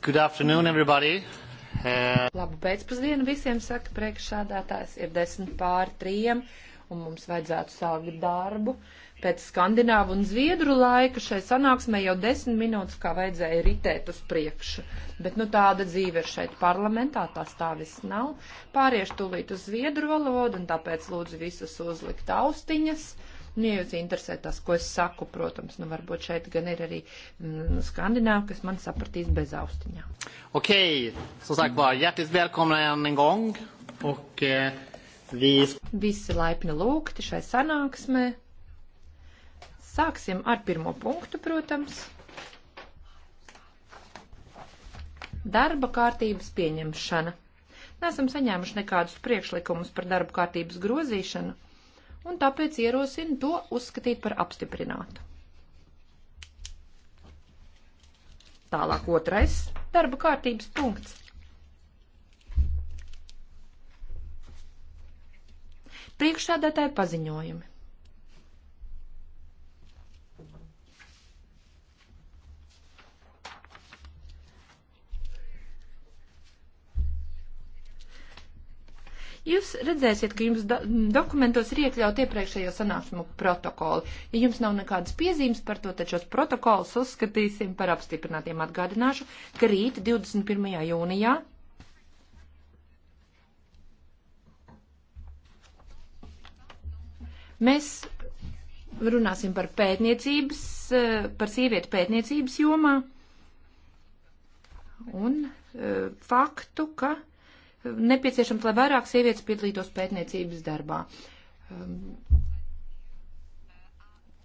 Good afternoon, everybody. Uh... Labu pēcpusdienu visiem, saka priekšsādātājs. Ir desmit pāri trījiem, un mums vajadzētu sākt darbu. Pēc skandināvu un zviedru laika šai sanāksmē jau desmit minūtes kā vajadzēja ritēt uz priekšu. Bet nu tāda dzīve ir šeit parlamentā, tās tā viss nav. Pāriešu tūlīt uz zviedru valodu, un tāpēc lūdzu visus uzlikt austiņas. Uh, Nu, ja jūs interesē tas, ko es saku, protams, nu varbūt šeit gan ir arī mm, skandināvi, kas man sapratīs bez austiņā. Ok, som sagt var, hjärtligt välkomna en gång. Och, eh, vi... Visi laipni lūgti šai sanāksmē. Sāksim ar pirmo punktu, protams. Darba kārtības pieņemšana. Nesam saņēmuši nekādus priekšlikumus par darba kārtības grozīšanu un tāpēc ierosinu to uzskatīt par apstiprinātu. Tālāk otrais darba kārtības punkts. Priekšsādātāja paziņojumi. Jūs redzēsiet, ka jums do dokumentos ir iekļaut iepriekšējo sanāksmu protokoli. Ja jums nav nekādas piezīmes par to, tad šos protokolus uzskatīsim par apstiprinātiem. Atgādināšu, ka rīt 21. jūnijā mēs runāsim par pētniecības, eh, par sievietu pētniecības jomā un eh, faktu, ka nepieciešams, lai vairāk sievietes piedalītos pētniecības darbā. Um,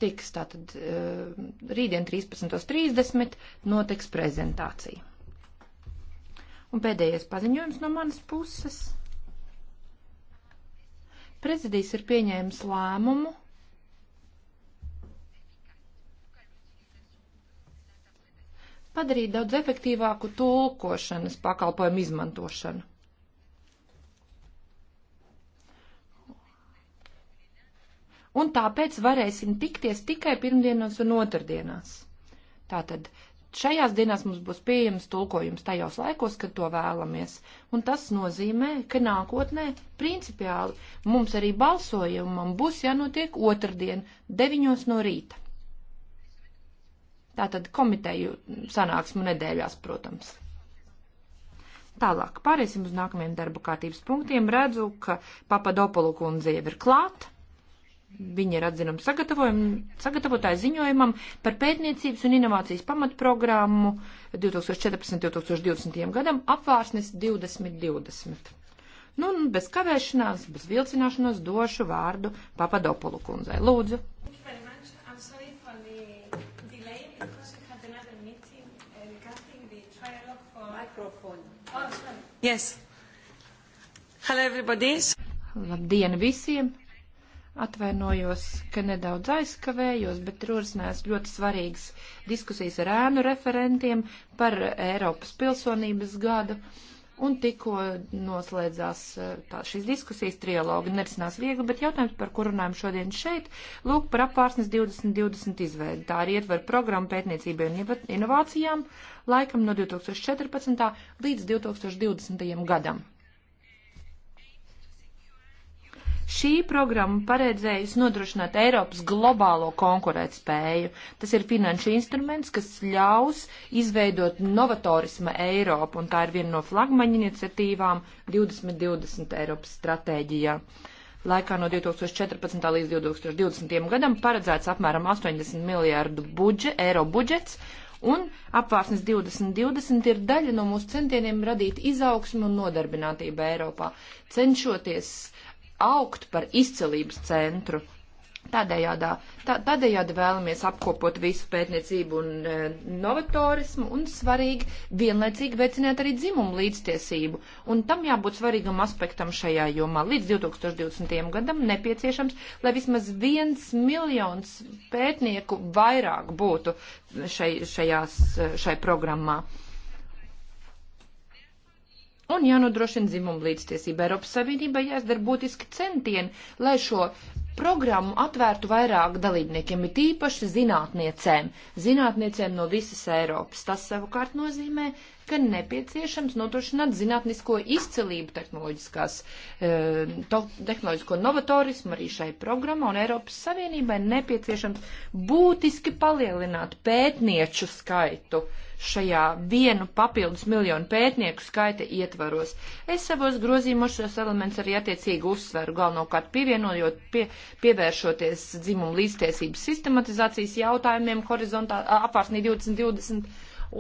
tiks tātad uh, rītdien 13.30 notiks prezentācija. Un pēdējais paziņojums no manas puses. Prezidijs ir pieņēmis lēmumu padarīt daudz efektīvāku tulkošanas pakalpojumu izmantošanu. un tāpēc varēsim tikties tikai pirmdienās un otrdienās. Tātad šajās dienās mums būs pieejams tulkojums tajos laikos, kad to vēlamies, un tas nozīmē, ka nākotnē principiāli mums arī balsojumam būs jānotiek otrdien, 9 no rīta. Tātad komiteju sanāksmu nedēļās, protams. Tālāk pāriesim uz nākamajiem darba kārtības punktiem. Redzu, ka Papadopolu kundze jau ir klāta. Viņa ir atzinuma sagatavotāja ziņojumam par pētniecības un inovācijas pamatprogrammu 2014-2020 gadam apvārsnes 2020. Nu, un bez kavēšanās, bez vilcināšanos došu vārdu Papadopolu kundzei. Lūdzu. Uh, oh, yes. Hello, everybody. Labdien visiem! Atvainojos, ka nedaudz aizkavējos, bet tur uzsnēs ļoti svarīgas diskusijas ar ēnu referentiem par Eiropas pilsonības gadu. Un tikko noslēdzās eh, tā, šīs diskusijas, trialogi nerisinās viegli, bet jautājums, par kuru runājam šodien šeit, lūk par apvārsnes 2020 izveidi. Tā arī ietver programmu pētniecībai un inovācijām laikam no 2014. līdz 2020. gadam. Šī programma paredzējusi nodrošināt Eiropas globālo konkurētspēju. Tas ir finanšu instruments, kas ļaus izveidot novatorisma Eiropu, un tā ir viena no flagmaņa iniciatīvām 2020 Eiropas stratēģijā. Laikā no 2014. līdz 2020. gadam paredzēts apmēram 80 miljārdu budžet, eiro budžets, un apvārsnes 2020 ir daļa no mūsu centieniem radīt izaugsmu un nodarbinātību Eiropā, cenšoties augt par izcelības centru. Tādējādā, tā, tādējādi vēlamies apkopot visu pētniecību un e, novatorismu un svarīgi vienlaicīgi veicināt arī dzimumu līdztiesību. Un tam jābūt svarīgam aspektam šajā jomā. Līdz 2020. gadam nepieciešams, lai vismaz viens miljons pētnieku vairāk būtu šai, šajās, šai programmā un jānodrošina dzimumu līdztiesība. Eiropas Savienībai jāizdara būtiski centieni, lai šo programmu atvērtu vairāk dalībniekiem, it īpaši zinātniecēm, zinātniecēm no visas Eiropas. Tas savukārt nozīmē, ka nepieciešams nodrošināt zinātnisko izcelību tehnoloģiskās, e, to, tehnoloģisko novatorismu arī šai programmā, un Eiropas Savienībai nepieciešams būtiski palielināt pētnieču skaitu. Uh, šajā vienu papildus miljonu pētnieku skaita ietvaros. Es savos grozījumos šos elements arī attiecīgi uzsveru, galvenokārt pievienojot, pie, pievēršoties dzimumu līdztiesības sistematizācijas jautājumiem apvārsnī 2020.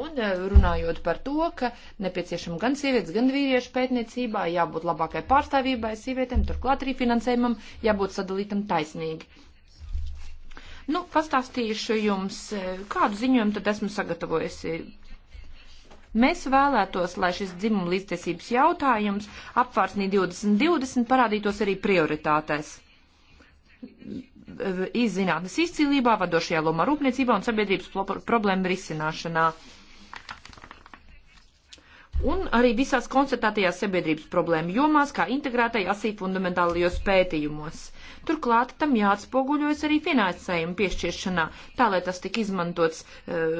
Un e, runājot par to, ka nepieciešama gan sievietes, gan vīriešu pētniecībā, jābūt labākai pārstāvībai sievietēm, turklāt arī finansējumam jābūt sadalītam taisnīgi. Nu, pastāstīšu jums, e, kādu ziņojumu tad esmu sagatavojusi. Mēs vēlētos, lai šis dzimuma līdztiesības jautājums apvārsnī 2020 parādītos arī prioritātēs. E, Izzinātnes izcīlībā, vadošajā lomā rūpniecībā un sabiedrības problēmu risināšanā. Un arī visās konstatētajās sabiedrības problēmu jomās, kā integrētajā asī fundamentālajos pētījumos Turklāt tam jāatspoguļojas arī finansējuma piešķiršanā, tā lai tas tik izmantots, eh,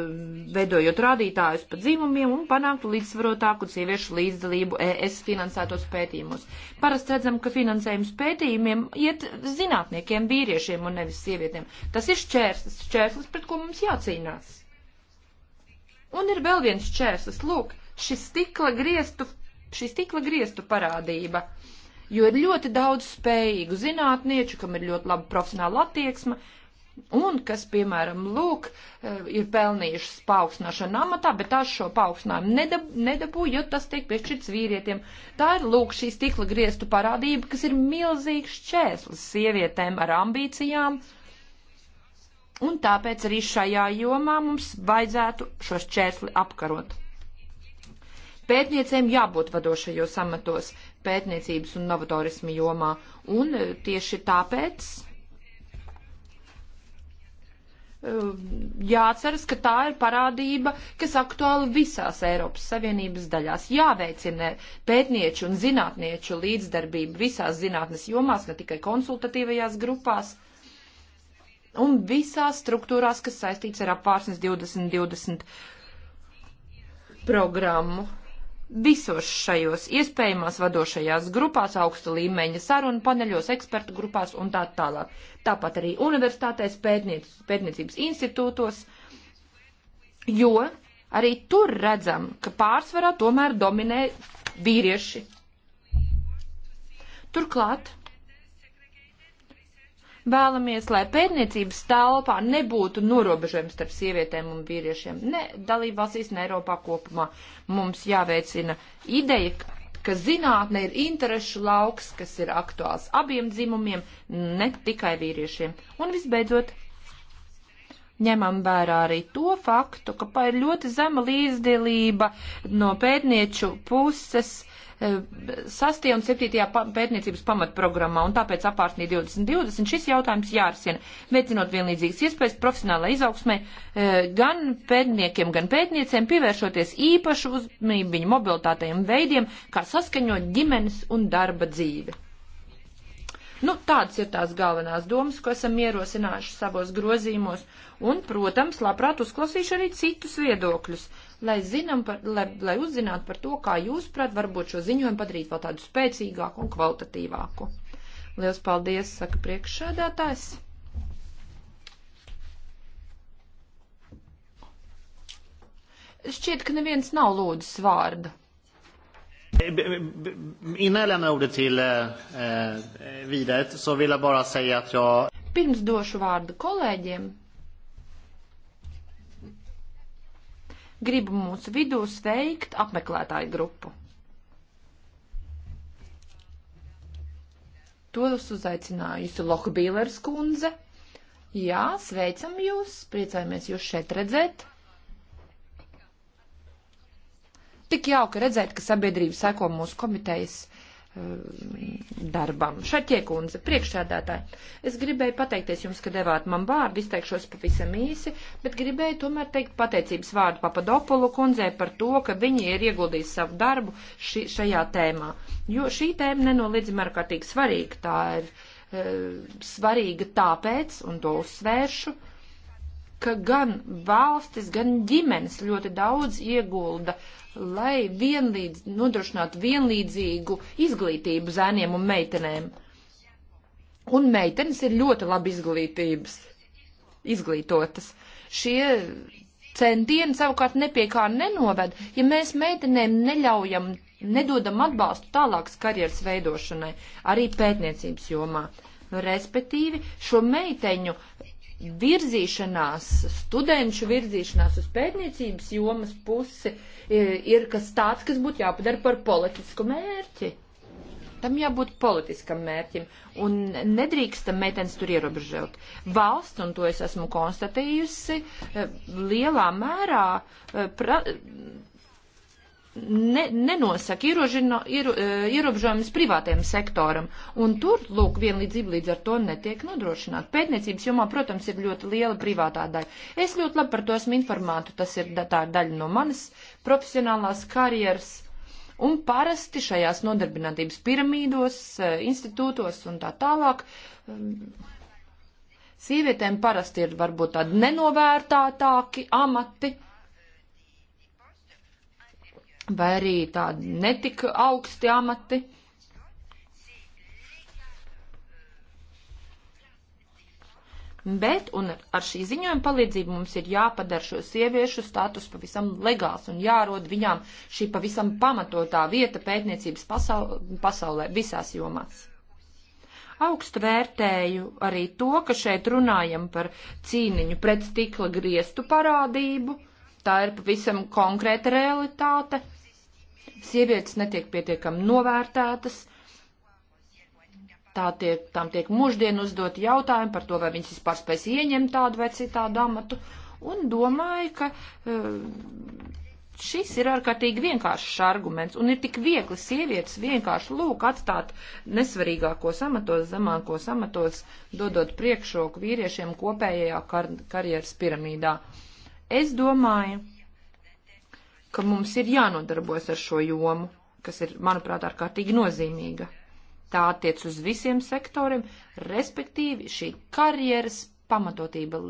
veidojot rādītājus pa dzīvumiem un panāktu līdzsvarotāku sieviešu līdzdalību ES finansētos pētījumus. Parasti redzam, ka finansējums pētījumiem iet zinātniekiem, vīriešiem un nevis sievietēm. Tas ir šķērslis, šķērslis, pret ko mums jācīnās. Un ir vēl viens čērslis, lūk, šis stikla griestu, šī stikla griestu parādība. Uh, jo ir ļoti daudz spējīgu zinātnieču, kam ir ļoti laba profesionāla attieksme, un kas, piemēram, lūk, eh, ir pelnījušas paaugstināšanu amatā, bet tās šo paaugstinājumu nedab nedabū, jo tas tiek piešķirts vīrietiem. Tā ir, lūk, šī stikla griestu parādība, kas ir milzīgs šķēslis sievietēm ar ambīcijām. Un tāpēc arī šajā jomā mums vajadzētu šo šķēsli apkarot. Pētniecēm jābūt vadošajos amatos, pētniecības un novatorismu jomā. Un e, tieši tāpēc e, jāceras, ka tā ir parādība, kas aktuāla visās Eiropas Savienības daļās. Jāveicina pētnieču un zinātnieču līdzdarbība visās zinātnes jomās, ne tikai konsultatīvajās grupās un visās struktūrās, kas saistīts ar apvārsnes 2020 programmu visos šajos iespējamās vadošajās grupās, augsta līmeņa sarunu paneļos, ekspertu grupās un tā tālāk. Tāpat arī universitātēs, pētniec, pētniecības institūtos, jo arī tur redzam, ka pārsvarā tomēr dominē vīrieši. Turklāt Vēlamies, lai pētniecības telpā nebūtu norobežojums starp sievietēm un vīriešiem. Ne dalībvalstīs, ne Eiropā kopumā. Mums jāveicina ideja, ka zinātne ir interešu lauks, kas ir aktuāls abiem dzimumiem, ne tikai vīriešiem. Un visbeidzot, ņemam vērā arī to faktu, ka ir ļoti zema līdzdalība no pētnieču puses 6. un 7. pētniecības pamatprogrammā, un tāpēc apārsnī 2020 šis jautājums jārisina, veicinot vienlīdzīgas iespējas profesionālai izaugsmē eh, gan pētniekiem, gan pētniecēm, pievēršoties īpašu uzmanību viņu mobilitātajiem veidiem, kā saskaņot ģimenes un darba dzīvi. Nu, tādas ir tās galvenās domas, ko esam ierosinājuši savos grozījumos, un, protams, labprāt uzklausīšu arī citus viedokļus. Uh, lai, zinām par, lai, lai uzzinātu par to, kā jūs, prāt, varbūt šo ziņojumu padarīt vēl tādu spēcīgāku un kvalitatīvāku. Liels paldies, saka priekšsēdētājs. Šķiet, ka neviens nav lūdzis vārdu. Eh, innan jag lämnar ordet till eh, eh vidare så vill jag bara säga att jag... Pirms došu vārdu kolēģiem, gribu mūsu vidū sveikt apmeklētāju grupu. Tos uzaicinājusi Lohbīlers kundze. Jā, sveicam jūs, priecājamies jūs šeit redzēt. Tik jauki redzēt, ka sabiedrība seko mūsu komitejas Um, darbam. Šaķie kundze, priekšsēdētāji, es gribēju pateikties jums, ka devāt man vārdu, izteikšos pavisam īsi, bet gribēju tomēr teikt pateicības vārdu Papadopolu kundzei par to, ka viņi ir ieguldījis savu darbu ši, šajā tēmā. Jo šī tēma nenoliedzami ārkārtīgi svarīga. Tā ir e, svarīga tāpēc, un to uzsvēršu, ka gan valstis, gan ģimenes ļoti daudz iegulda, lai vienlīdz, nodrošinātu vienlīdzīgu izglītību zēniem un meitenēm. Un meitenes ir ļoti labi izglītības, izglītotas. Šie centieni savukārt nepie kā nenoved, ja mēs meitenēm neļaujam, nedodam atbalstu tālākas karjeras veidošanai, arī pētniecības jomā. Respektīvi, šo meiteņu virzīšanās, studenšu virzīšanās uz pētniecības jomas pusi e, ir kas tāds, kas būtu jāpadara par politisku mērķi. Tam jābūt politiskam mērķim, un nedrīkstam meitenes tur ierobežot. Valsts, un to es esmu konstatējusi, e, lielā mērā e, pra, ne, nenosaka ierožino, iero, e, ierobežojumus privātajam sektoram. Un tur, lūk, vienlīdzība līdz ar to netiek nodrošināta. Pētniecības jomā, protams, ir ļoti liela privātā daļa. Es ļoti labi par to esmu informēta. Tas ir tā ir daļa no manas profesionālās karjeras. Un parasti šajās nodarbinātības piramīdos, e, institūtos un tā tālāk sievietēm parasti ir varbūt tādi nenovērtātāki amati vai arī tādi netika augsti amati. Bet, un ar šī ziņojuma palīdzību mums ir jāpadara šo sieviešu status pavisam legāls un jārod viņām šī pavisam pamatotā vieta pētniecības pasaul pasaulē visās jomās. Augstu vērtēju arī to, ka šeit runājam par cīniņu pret stikla griestu parādību. Tā ir pavisam konkrēta realitāte. Sievietes netiek pietiekami novērtētas, tā tiek, tām tiek muždien uzdot jautājumi par to, vai viņas vispār spēs ieņemt tādu vai citādu amatu, un domāju, ka eh, šis ir ārkārtīgi vienkāršs arguments, un ir tik viegli sievietes vienkārši lūk atstāt nesvarīgākos amatos, zemākos amatos, dodot priekšroku vīriešiem kopējajā kar karjeras piramīdā. Es domāju, ka mums ir jānodarbojas ar šo jomu, kas ir, manuprāt, ārkārtīgi nozīmīga. Tā attiec uz visiem sektoriem, respektīvi šī karjeras pamatotība,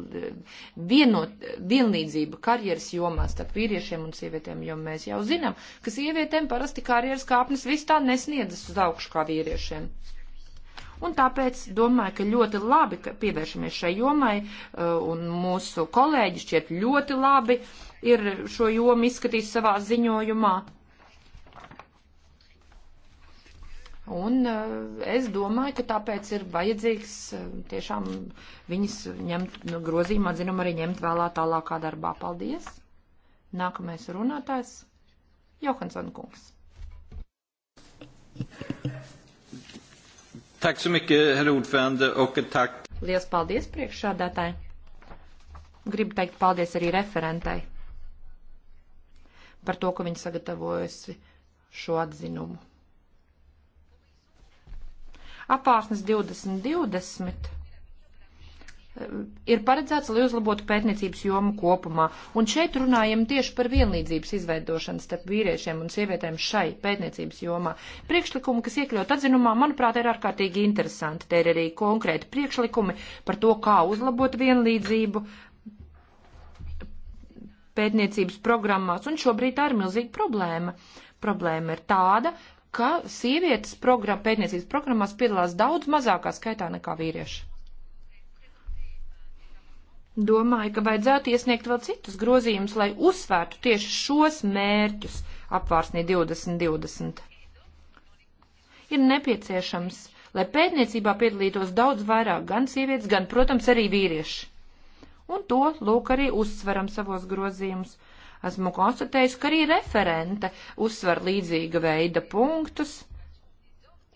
vienot, vienlīdzība karjeras jomā starp vīriešiem un sievietēm, jo mēs jau zinām, ka sievietēm parasti karjeras kāpnes vis tā nesniedzas uz augšu kā vīriešiem. Uh, un tāpēc domāju, ka ļoti labi, ka pievēršamies šai jomai, uh, un mūsu kolēģi šķiet ļoti labi ir šo jomu izskatījis savā ziņojumā. Un uh, es domāju, ka tāpēc ir vajadzīgs uh, tiešām viņas ņemt, nu, grozījumā, zinām, arī ņemt vēlā tālākā darbā. Paldies! Nākamais runātājs - Johansson kungs. Tack så mycket, herr ordförande, och tack. Lielas paldies priekšsādātāji. Gribu teikt paldies arī referentai par to, ka viņi sagatavojusi šo atzinumu. Apārsnes 2020 ir paredzēts, lai uzlabotu pētniecības jomu kopumā. Un šeit runājam tieši par vienlīdzības izveidošanu starp vīriešiem un sievietēm šai pētniecības jomā. Priekšlikumi, kas iekļaut atzinumā, manuprāt, ir ārkārtīgi interesanti. Te ir arī konkrēti priekšlikumi par to, kā uzlabot vienlīdzību pētniecības programmās, un šobrīd tā ir milzīga problēma. Problēma ir tāda, ka sievietes program, pētniecības programmās piedalās daudz mazākā skaitā nekā vīrieši. Domāju, ka vajadzētu iesniegt vēl citus grozījumus, lai uzsvērtu tieši šos mērķus apvārsnī 2020. Ir nepieciešams, lai pētniecībā piedalītos daudz vairāk gan sievietes, gan, protams, arī vīrieši. Un to, lūk, arī uzsveram savos grozījumus. Esmu konstatējusi, ka arī referente uzsver līdzīga veida punktus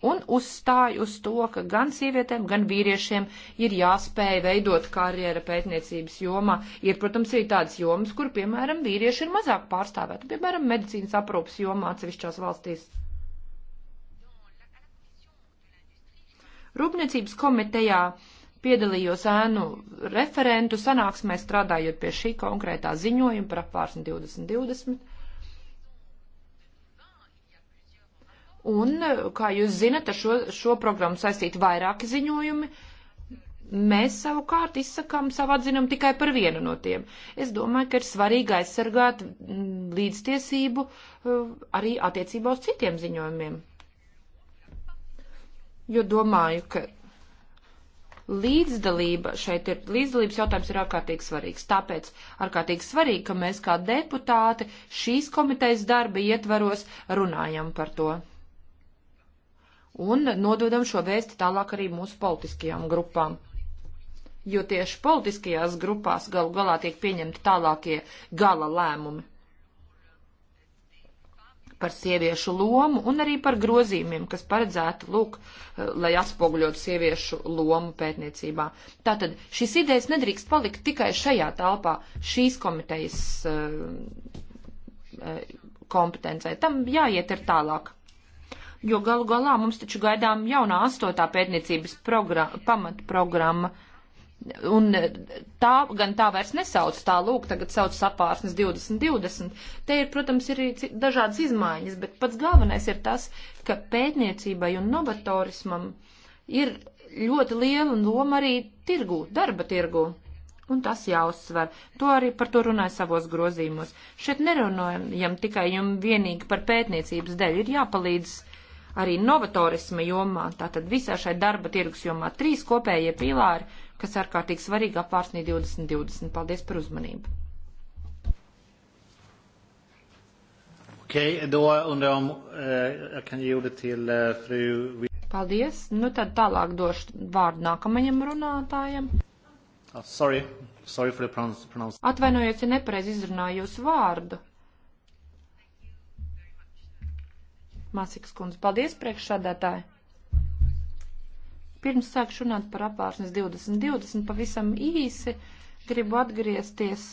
un uzstāja uz to, ka gan sievietēm, gan vīriešiem ir jāspēj veidot karjera pētniecības jomā. Ir, protams, arī tādas jomas, kur, piemēram, vīrieši ir mazāk pārstāvēti, piemēram, medicīnas aprūpas jomā atsevišķās valstīs. Rūpniecības komitejā piedalījos ēnu referentu sanāksmē strādājot pie šī konkrētā ziņojuma par apvārsni 2020 Un, kā jūs zinat, ar šo, šo programmu saistīti vairāki ziņojumi. Mēs savukārt izsakām savu atzinumu tikai par vienu no tiem. Es domāju, ka ir svarīgi aizsargāt mm, līdztiesību uh, arī attiecībā uz citiem ziņojumiem. Jo domāju, ka līdzdalība šeit ir, līdzdalības jautājums ir ārkārtīgi svarīgs. Tāpēc ārkārtīgi svarīgi, ka mēs kā deputāti šīs komitejas darba ietvaros runājam par to un nododam šo vēsti tālāk arī mūsu politiskajām grupām. Jo tieši politiskajās grupās galu galā tiek pieņemti tālākie gala lēmumi par sieviešu lomu un arī par grozījumiem, kas paredzētu, lūk, lai atspoguļotu sieviešu lomu pētniecībā. Tātad šīs idejas nedrīkst palikt tikai šajā telpā, šīs komitejas eh, eh, kompetencē. Tam jāiet ir tālāk jo galu galā mums taču gaidām jaunā astotā pētniecības pamatprogramma. Un tā gan tā vairs nesauc, tā lūk, tagad sauc sapārsnes 2020. Te ir, protams, ir arī dažādas izmaiņas, bet pats galvenais ir tas, ka pētniecībai un novatorismam ir ļoti liela loma arī tirgū, darba tirgū. Un tas jāuzsver. To arī par to runāju savos grozījumos. Šeit nerunājam tikai un vienīgi par pētniecības dēļ. Ir jāpalīdz arī novatorisma jomā, tātad visā šai darba tirgus jomā trīs kopējie pīlāri, kas ārkārtīgi svarīgi apvārsnī 2020. Paldies par uzmanību. Okay, då undrar om eh, jag kan ge ordet till eh, fru... Paldies. Nu tad tālāk došu vārdu nākamajam runātājam. Oh, sorry. Sorry for the pronounce. Atvainojos, ja nepareiz izrunāju jūsu vārdu. Masikas kundze. Paldies, priekšsādātāji! Pirms sākšu runāt par apvārsnes 2020, pavisam īsi gribu atgriezties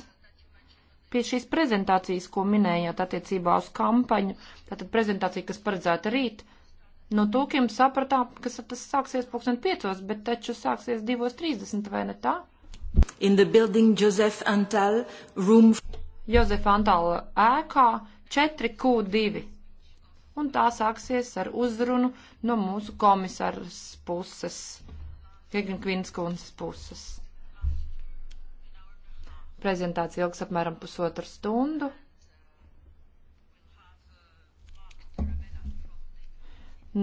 pie šīs prezentācijas, ko minējāt attiecībā uz kampaņu. Tātad prezentācija, kas paredzēta rīt, no tūkiem sapratām, ka tas sāksies pulksten piecos, bet taču sāksies 2.30, vai ne tā? In the building Joseph Antal room. Joseph Antal ēkā 4Q2 un tā sāksies ar uzrunu no mūsu komisāras puses, Gegna Kvinskundas puses. Prezentācija ilgs apmēram pusotru stundu.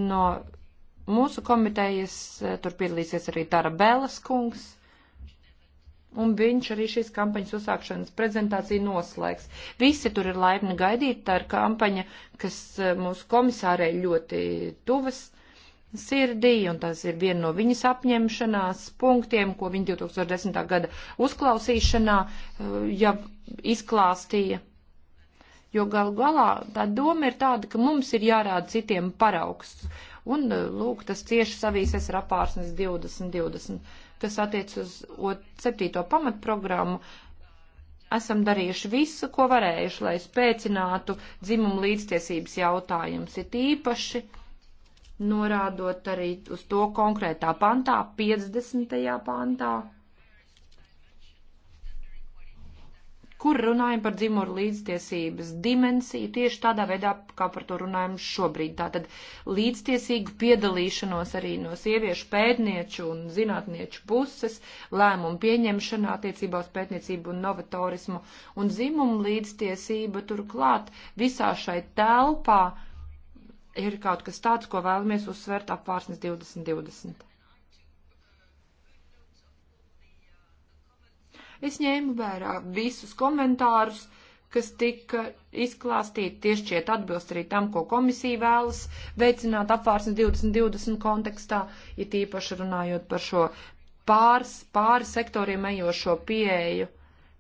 No mūsu komitejas eh, tur piedalīsies arī Tara Bēlas kungs un viņš arī šīs kampaņas uzsākšanas prezentāciju noslēgs. Visi tur ir laipni gaidīti, tā ir kampaņa, kas eh, mūsu komisārei ļoti tuvas sirdī, un tas ir viena no viņas apņemšanās punktiem, ko viņa 2010. gada uzklausīšanā eh, jau izklāstīja. Jo galu galā tā doma ir tāda, ka mums ir jārāda citiem paraugs. Un, eh, lūk, tas cieši savīsies ar apārsnes 2020. 20 kas attiec uz septīto pamatprogrammu, esam darījuši visu, ko varējuši, lai spēcinātu dzimumu līdztiesības jautājumus. Ir īpaši norādot arī uz to konkrētā pantā, 50. pantā kur runājam par dzimumu līdztiesības dimensiju tieši tādā veidā, kā par to runājam šobrīd. Tātad līdztiesīgu piedalīšanos arī no sieviešu pētnieču un zinātnieču puses, lēmumu pieņemšanā attiecībā uz pētniecību un novatorismu un dzimumu līdztiesība turklāt visā šai telpā ir kaut kas tāds, ko vēlamies uzsvērt apvārsnes 2020. Es ņēmu vērā visus komentārus, kas tika izklāstīti tieši šķiet atbilst arī tam, ko komisija vēlas veicināt apvārsnes 2020 kontekstā, ir ja tīpaši runājot par šo pāris, pāris sektoriem ejošo pieeju,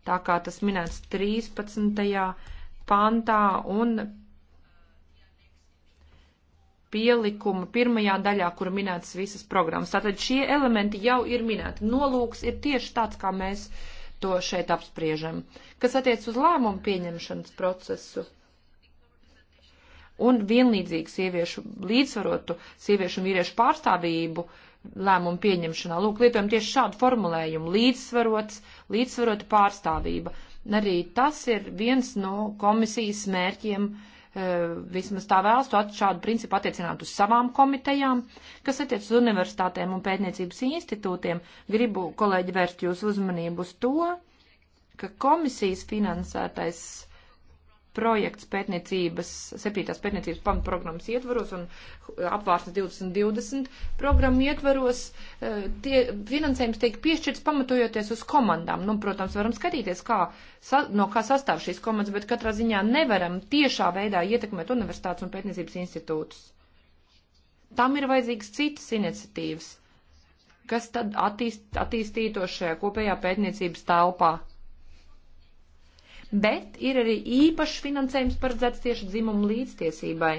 tā kā tas minēts 13. pantā un pielikuma pirmajā daļā, kur minētas visas programmas. Tātad šie elementi jau ir minēti. Nolūks ir tieši tāds, kā mēs uh, to šeit apspriežam. Kas attiec uz lēmumu pieņemšanas procesu un vienlīdzīgu sieviešu līdzsvarotu sieviešu un vīriešu pārstāvību lēmumu pieņemšanā. Lūk, lietojam tieši šādu formulējumu - līdzsvarots, līdzsvarota pārstāvība. Arī tas ir viens no komisijas mērķiem uh, Eh, vismaz tā vēlas, to šādu principu attiecināt uz savām komitejām, kas attiec uz universitātēm un pētniecības institūtiem. Gribu, kolēģi, vērst jūsu uzmanību uz to, ka komisijas finansētais projekts pētniecības, septītās pētniecības pamatprogrammas ietvaros un apvārsnes 2020 programmu ietvaros, e, tie finansējums tiek piešķirts pamatojoties uz komandām. Nu, protams, varam skatīties, kā, no kā sastāv šīs komandas, bet katrā ziņā nevaram tiešā veidā ietekmēt universitātes un pētniecības institūtus. Tam ir vajadzīgas citas iniciatīvas, kas tad attīst, attīstītos šajā kopējā pētniecības telpā bet ir arī īpašs finansējums paredzēts tieši dzimumu līdztiesībai,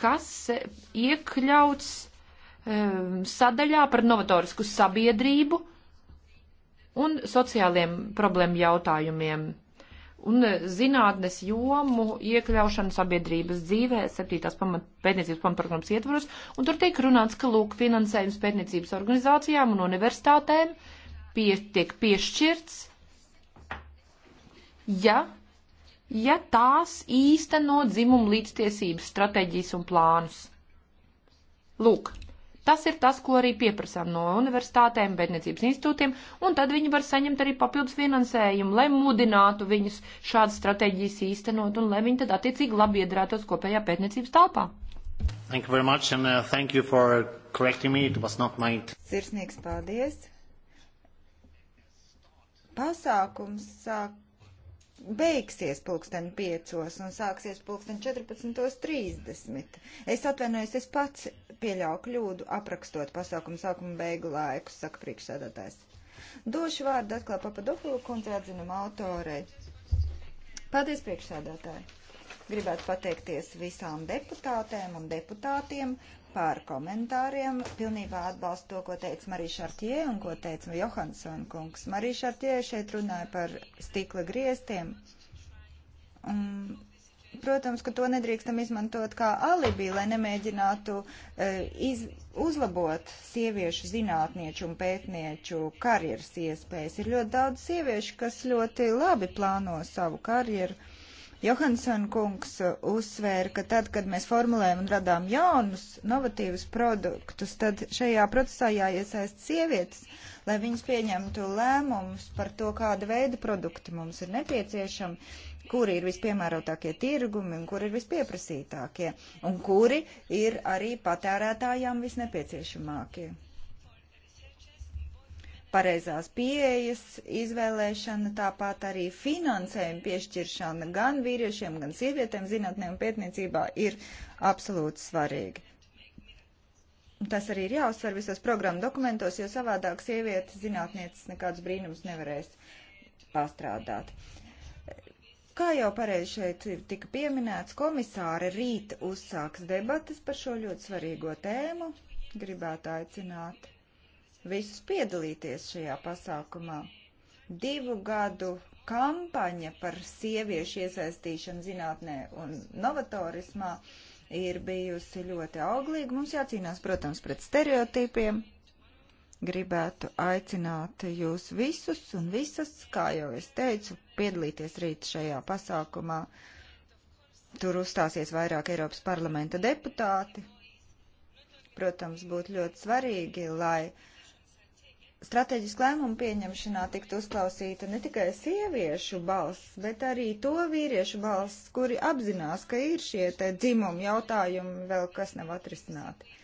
kas e, iekļauts um, sadaļā par novatorisku sabiedrību un sociāliem problēmu jautājumiem un e, zinātnes jomu iekļaušanu sabiedrības dzīvē, septītās pamat, pētniecības pamatprogrammas ietvaros, un tur tiek runāts, ka lūk finansējums pētniecības organizācijām un universitātēm pie, tiek piešķirts ja, ja tās īsteno dzimumu līdztiesības stratēģijas un plānus. Lūk, tas ir tas, ko arī pieprasām no universitātēm, bērniecības institūtiem, un tad viņi var saņemt arī papildus finansējumu, lai mudinātu viņus šādas stratēģijas īstenot un lai viņi tad attiecīgi labi iedrētos kopējā pētniecības telpā. Thank you very much and uh, thank you for correcting me. It was not my. Sirsnīgs paldies pasākums sāk beigsies pulksten 5 un sāksies pulksten 14.30. Es atvainojos, es pats pieļauju kļūdu aprakstot pasākumu sākumu beigu laiku, saka priekšsēdētājs. Došu vārdu atkal Papadopulu kundze atzinuma autorei. Paldies, priekšsēdētāji! Gribētu pateikties visām deputātēm un deputātiem par komentāriem. Pilnībā atbalstu to, ko teica Marija Šartie un ko teica Johansson kungs. Marija Šartie šeit runāja par stikla griestiem. Un, protams, ka to nedrīkstam izmantot kā alibi, lai nemēģinātu uh, iz, uzlabot sieviešu zinātnieču un pētnieču karjeras iespējas. Ir ļoti daudz sieviešu, kas ļoti labi plāno savu karjeru Johansson kungs uzsvēra, ka tad, kad mēs formulējam un radām jaunus, novatīvus produktus, tad šajā procesā jāiesaist sievietes, lai viņas pieņemtu lēmumus par to, kāda veida produkti mums ir nepieciešami, kuri ir vispiemērotākie tirgumi un kuri ir vispieprasītākie, un kuri ir arī patērētājām visnepieciešamākie pareizās pieejas izvēlēšana, tāpat arī finansējuma piešķiršana gan vīriešiem, gan sievietēm zinātnē un pētniecībā ir absolūti svarīgi. Tas arī ir jāuzsver visos programmu dokumentos, jo savādāk sievietes zinātnieces nekādus brīnumus nevarēs pastrādāt. Kā jau pareizi šeit tika pieminēts, komisāra rīt uzsāks debatas par šo ļoti svarīgo tēmu. Gribētu aicināt visus piedalīties šajā pasākumā. Divu gadu kampaņa par sieviešu iesaistīšanu zinātnē un novatorismā ir bijusi ļoti auglīga. Mums jācīnās, protams, pret stereotipiem. Gribētu aicināt jūs visus un visas, kā jau es teicu, piedalīties rīt šajā pasākumā. Tur uzstāsies vairāk Eiropas parlamenta deputāti. Protams, būtu ļoti svarīgi, lai strateģisku lēmumu pieņemšanā tiktu uzklausīta ne tikai sieviešu balss, bet arī to vīriešu balss, kuri apzinās, ka ir šie te dzimumu jautājumi vēl, kas nav atrisināti.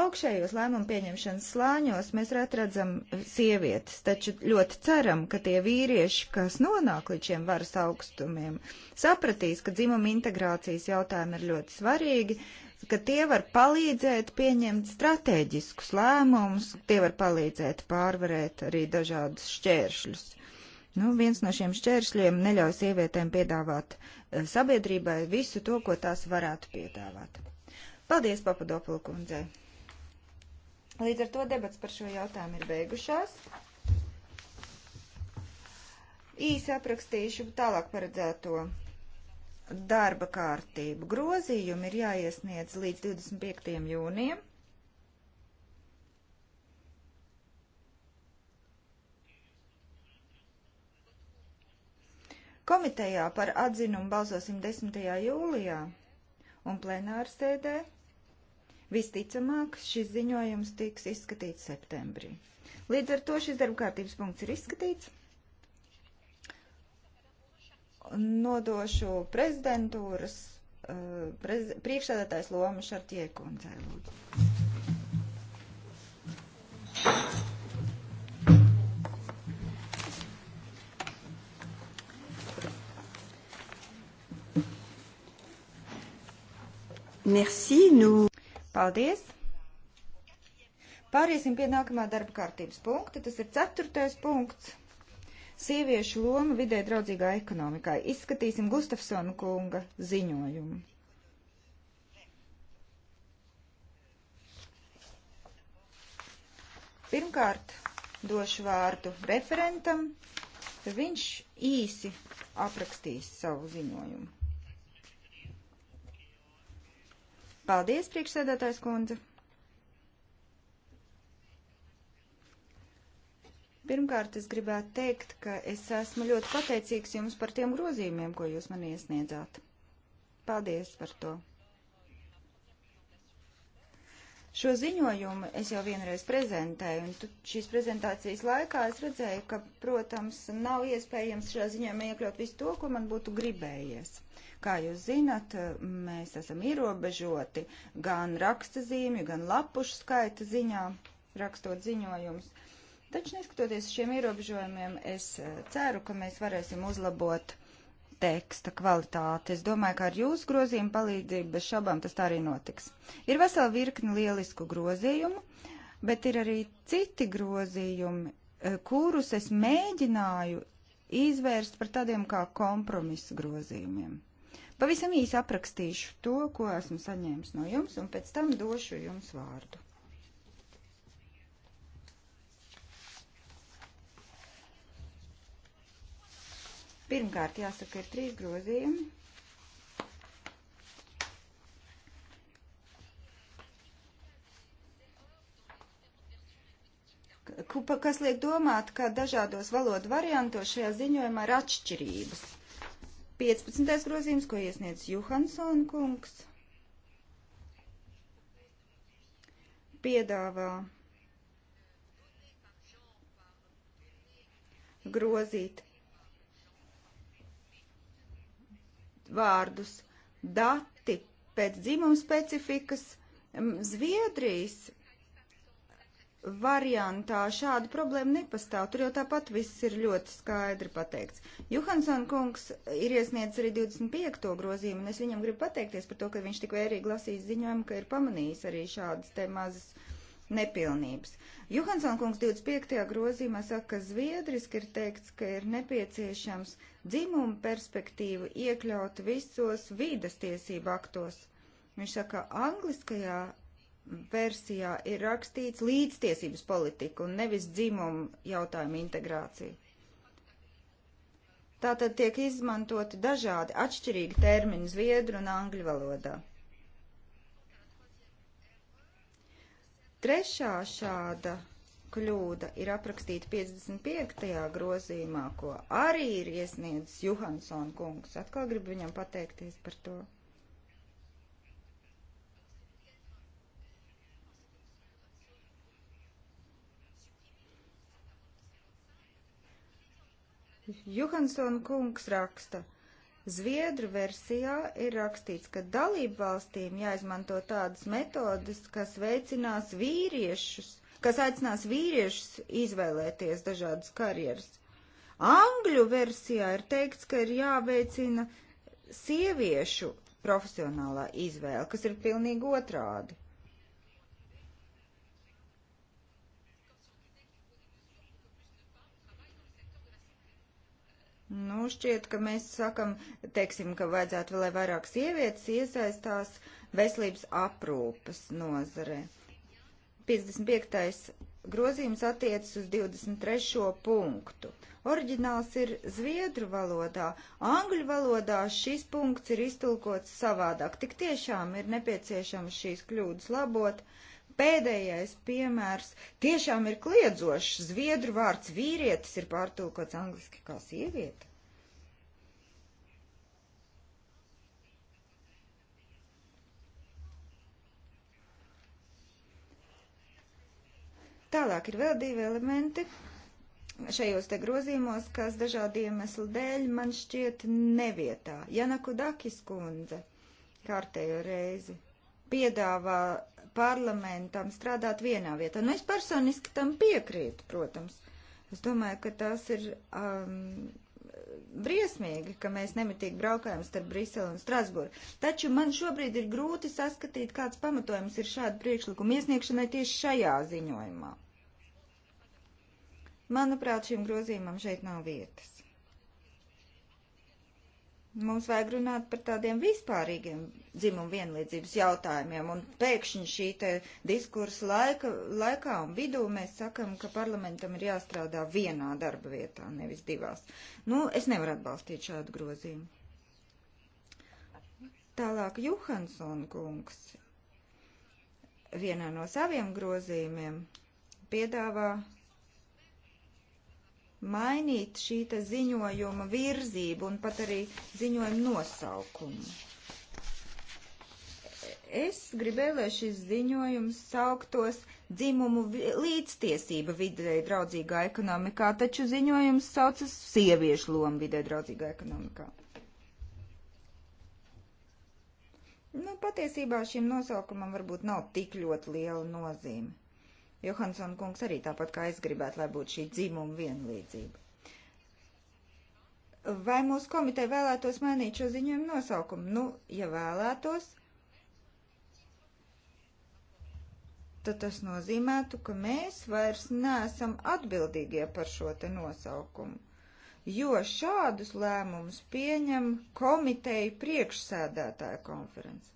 Augšējos lēmumu pieņemšanas slāņos mēs redzam sievietes, taču ļoti ceram, ka tie vīrieši, kas nonāk līdz šiem varas augstumiem, sapratīs, ka dzimuma integrācijas jautājumi ir ļoti svarīgi, ka tie var palīdzēt pieņemt strateģiskus lēmumus, tie var palīdzēt pārvarēt arī dažādus šķēršļus. Nu, viens no šiem šķēršļiem neļauj sievietēm piedāvāt e, sabiedrībai visu to, ko tās varētu piedāvāt. Paldies, Papadopulu kundzei! Līdz ar to debats par šo jautājumu ir beigušās. Īsi aprakstīšu tālāk paredzēto darba kārtību. Grozījumi ir jāiesniedz līdz 25. jūnijam. Komitejā par atzinumu balsosim 10. jūlijā un plenārsēdē. Visticamāk, šis ziņojums tiks izskatīts septembrī. Līdz ar to šis darba kārtības punkts ir izskatīts nodošu prezidentūras uh, prez, priekšsēdētājs lomu Šartie kundzei. Merci, nous. Paldies! Pāriesim pie nākamā darba kārtības punkta. Tas ir ceturtais punkts. Sieviešu loma vidē draudzīgā ekonomikā. Izskatīsim Gustafsona kunga ziņojumu. Pirmkārt, došu vārdu referentam. Viņš īsi aprakstīs savu ziņojumu. Paldies, priekšsēdētājs kundze! Pirmkārt, es gribētu teikt, ka es esmu ļoti pateicīgs jums par tiem grozījumiem, ko jūs man iesniedzāt. Paldies par to! Šo ziņojumu es jau vienreiz prezentēju, un šīs prezentācijas laikā es redzēju, ka, protams, nav iespējams šajā ziņojumā iekļaut visu to, ko man būtu gribējies. Kā jūs zinat, mēs esam ierobežoti gan raksta zīmju, gan lapušu skaita ziņā, rakstot ziņojumus. Uh, Taču, neskatoties šiem ierobežojumiem, es eh, ceru, ka mēs varēsim uzlabot teksta kvalitāti. Es domāju, ka ar jūsu grozījumu palīdzību bez šaubām tas tā arī notiks. Ir vesela virkni lielisku grozījumu, bet ir arī citi grozījumi, eh, kurus es mēģināju izvērst par tādiem kā kompromisu grozījumiem. Pavisam īsi aprakstīšu to, ko esmu saņēmis no jums, un pēc tam došu jums vārdu. Pirmkārt, jāsaka, ir trīs grozījumi. kas liek domāt, ka dažādos valodu variantos šajā ziņojumā ir atšķirības. 15. grozījums, ko iesniedz Johansson kungs, piedāvā grozīt vārdus. Dati pēc dzimuma specifikas Zviedrijas variantā šāda problēma nepastāv. Tur jau tāpat viss ir ļoti skaidri pateikts. Johansson kungs ir iesniedzis arī 25. grozījumu, un es viņam gribu pateikties par to, ka viņš tik vērīgi lasīs ziņojumu, ka ir pamanījis arī šādas te mazas nepilnības. Johansson kungs 25. grozīmā saka, ka zviedriski ir teikts, ka ir nepieciešams dzimumu perspektīvu iekļaut visos vīdas tiesību aktos. Viņš saka, ka angliskajā versijā ir rakstīts līdztiesības politika un nevis dzimumu jautājumu integrācija. Tātad tiek izmantoti dažādi atšķirīgi termini zviedru un angļu valodā. Trešā šāda kļūda ir aprakstīta 55. grozījumā, ko arī ir iesniedzis Johansson kungs. Atkal gribu viņam pateikties par to. Johansson kungs raksta, Zviedru versijā ir rakstīts, ka dalību valstīm jāizmanto tādas metodas, kas veicinās vīriešus, kas aicinās vīriešus izvēlēties dažādas karjeras. Angļu versijā ir teikts, ka ir jāveicina sieviešu profesionālā izvēle, kas ir pilnīgi otrādi. Nu, šķiet, ka mēs sakam, teiksim, ka vajadzētu vēl vairāk sievietes iesaistās veselības aprūpas nozarē. 55. grozījums attiecas uz 23. punktu. Oriģināls ir zviedru valodā, angļu valodā šis punkts ir iztulkots savādāk. Tik tiešām ir nepieciešams šīs kļūdas labot. Uh, Pēdējais piemērs tiešām ir kliedzošs. Zviedru vārds vīrietis ir pārtulkots angliski kā sieviete. Tālāk ir vēl divi elementi šajos te grozījumos, kas dažādu iemeslu dēļ man šķiet nevietā. Janaku Dakis kundze kārtējo reizi piedāvā parlamentam strādāt vienā vietā. Nu, es personiski tam piekrītu, protams. Es domāju, ka tas ir um, briesmīgi, ka mēs nemitīgi braukājam starp Briseli un Strasburu. Taču man šobrīd ir grūti saskatīt, kāds pamatojums ir šāda priekšlikuma iesniegšanai tieši šajā ziņojumā. Manuprāt, šim grozījumam šeit nav vietas. Mums vajag runāt par tādiem vispārīgiem dzimumu vienlīdzības jautājumiem, un pēkšņi šī te diskursa laika, laikā un vidū mēs sakam, ka parlamentam ir jāstrādā vienā darba vietā, nevis divās. Nu, es nevaru atbalstīt šādu grozījumu. Tālāk Juhansson kungs vienā no saviem grozījumiem piedāvā mainīt šī ziņojuma virzību un pat arī ziņojuma nosaukumu. Es gribēju, lai šis ziņojums sauktos dzimumu līdztiesība vidē draudzīgā ekonomikā, taču ziņojums saucas sieviešu lomu vidē draudzīgā ekonomikā. Nu, patiesībā šim nosaukumam varbūt nav tik ļoti liela nozīme. Johansson kungs arī tāpat kā es gribētu, lai būtu šī dzimuma vienlīdzība. Vai mūsu komiteja vēlētos mainīt šo ziņojumu nosaukumu? Nu, ja vēlētos, tad tas nozīmētu, ka mēs vairs neesam atbildīgie par šo te nosaukumu, jo šādus lēmumus pieņem komiteju priekšsēdētāja konference.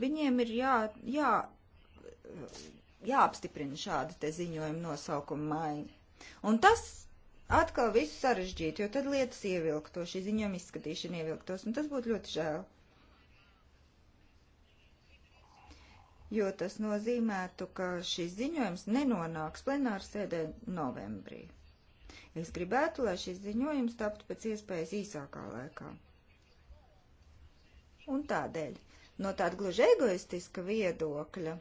Viņiem ir jā, jā, jāapstiprina šāda te ziņojuma nosaukuma maiņa. Un tas atkal visu sarežģītu, jo tad lietas ievilkto, šī ziņojuma izskatīšana ievilktos, un tas būtu ļoti žēl. Jo tas nozīmētu, ka šis ziņojums nenonāks plenāru sēdē novembrī. Es gribētu, lai šis ziņojums taptu pēc iespējas īsākā laikā. Un tādēļ no tāda gluži egoistiska viedokļa.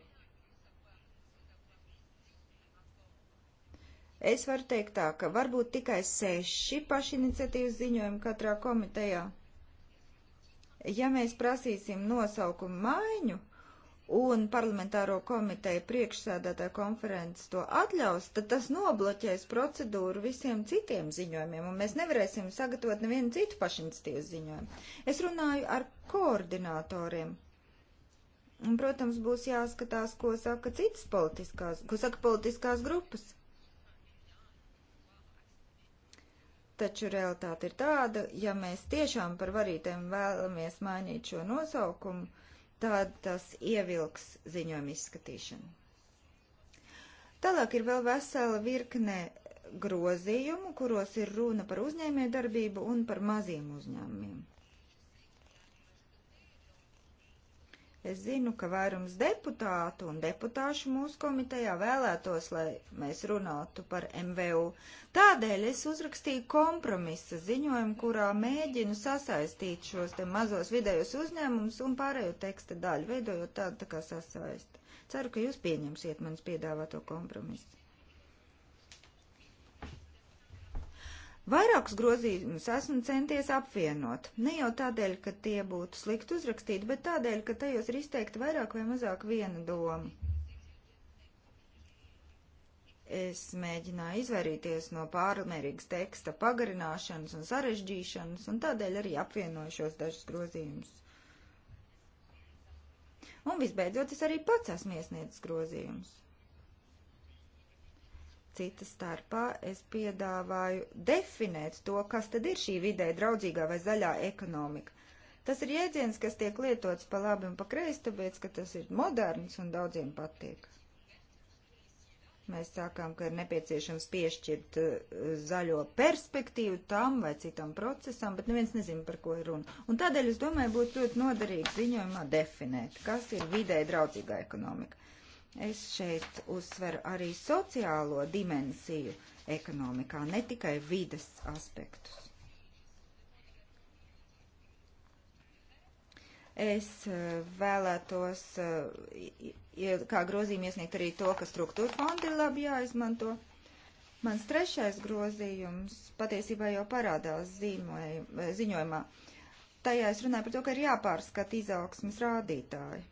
Es varu teikt tā, ka varbūt tikai seši pašiniciatīvas ziņojumi katrā komitejā. Ja mēs prasīsim nosaukumu maiņu, un parlamentāro komiteju priekšsēdētāja konferences to atļaus, tad tas nobloķēs procedūru visiem citiem ziņojumiem, un mēs nevarēsim sagatavot nevienu citu pašinstīvu ziņojumu. Es runāju ar koordinatoriem. Un, protams, būs jāskatās, ko saka citas politiskās, ko saka politiskās grupas. Taču realitāte ir tāda, ja mēs tiešām par varītēm vēlamies mainīt šo nosaukumu, tad tas ievilks ziņojumu izskatīšanu. Tālāk ir vēl vesela virkne grozījumu, kuros ir runa par uzņēmējdarbību un par maziem uzņēmumiem. Es zinu, ka vairums deputātu un deputāšu mūsu komitejā vēlētos, lai mēs runātu par MVU. Tādēļ es uzrakstīju kompromisa ziņojumu, kurā mēģinu sasaistīt šos te mazos vidējos uzņēmumus un pārējo teksta daļu, veidojot tādu tā kā sasaisti. Ceru, ka jūs pieņemsiet manis piedāvāto kompromisu. Vairākus grozījumus esmu centies apvienot, ne jau tādēļ, ka tie būtu slikti uzrakstīti, bet tādēļ, ka tajos ir izteikti vairāk vai mazāk viena doma. Es mēģināju izvairīties no pārmērīgas teksta pagarināšanas un sarežģīšanas, un tādēļ arī apvienoju šos dažus grozījumus. Un visbeidzot, es arī pats esmu iesniedzis grozījumus. Cita starpā es piedāvāju definēt to, kas tad ir šī vidē draudzīgā vai zaļā ekonomika. Tas ir jēdziens, kas tiek lietots pa labi un pa kreisi, tāpēc, ka tas ir moderns un daudziem patīk. Mēs sākām, ka ir nepieciešams piešķirt uh, zaļo perspektīvu tam vai citam procesam, bet neviens nezina, par ko ir runa. Un tādēļ, es domāju, būtu ļoti noderīgi ziņojumā definēt, kas ir vidē draudzīga ekonomika. Es šeit uzsveru arī sociālo dimensiju ekonomikā, ne tikai vides aspektus. Es eh, vēlētos eh, kā grozījumu iesniegt arī to, ka struktūra fondi labi jāizmanto. Mans trešais grozījums patiesībā jau parādās zīmoj, eh, ziņojumā. Tajā es runāju par to, ka ir jāpārskata izaugsmas rādītāji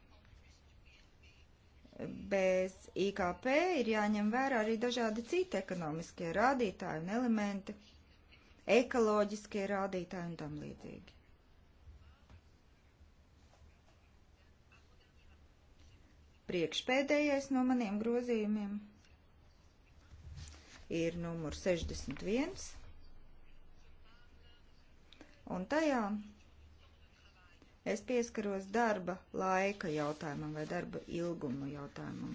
bez IKP ir jāņem vērā arī dažādi citi ekonomiskie rādītāji un elementi, ekoloģiskie rādītāji un tam līdzīgi. Priekšpēdējais no maniem grozījumiem ir numur 61, un tajā Es pieskaros darba laika jautājumam vai darba ilguma jautājumam.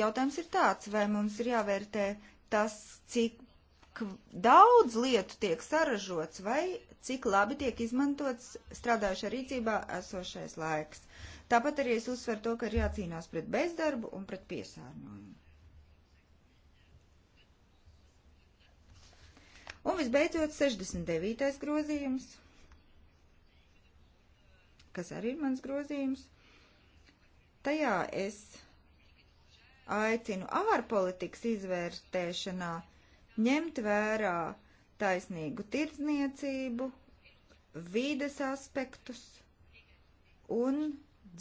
Jautājums ir tāds, vai mums ir jāvērtē tas, cik daudz lietu tiek saražots vai cik labi tiek izmantots strādājušā rīcībā esošais laiks. Tāpat arī es uzsveru to, ka ir jācīnās pret bezdarbu un pret piesārņojumu. Un visbeidzot 69. grozījums, kas arī ir mans grozījums. Tajā es aicinu ārpolitikas izvērtēšanā ņemt vērā taisnīgu tirdzniecību, vides aspektus un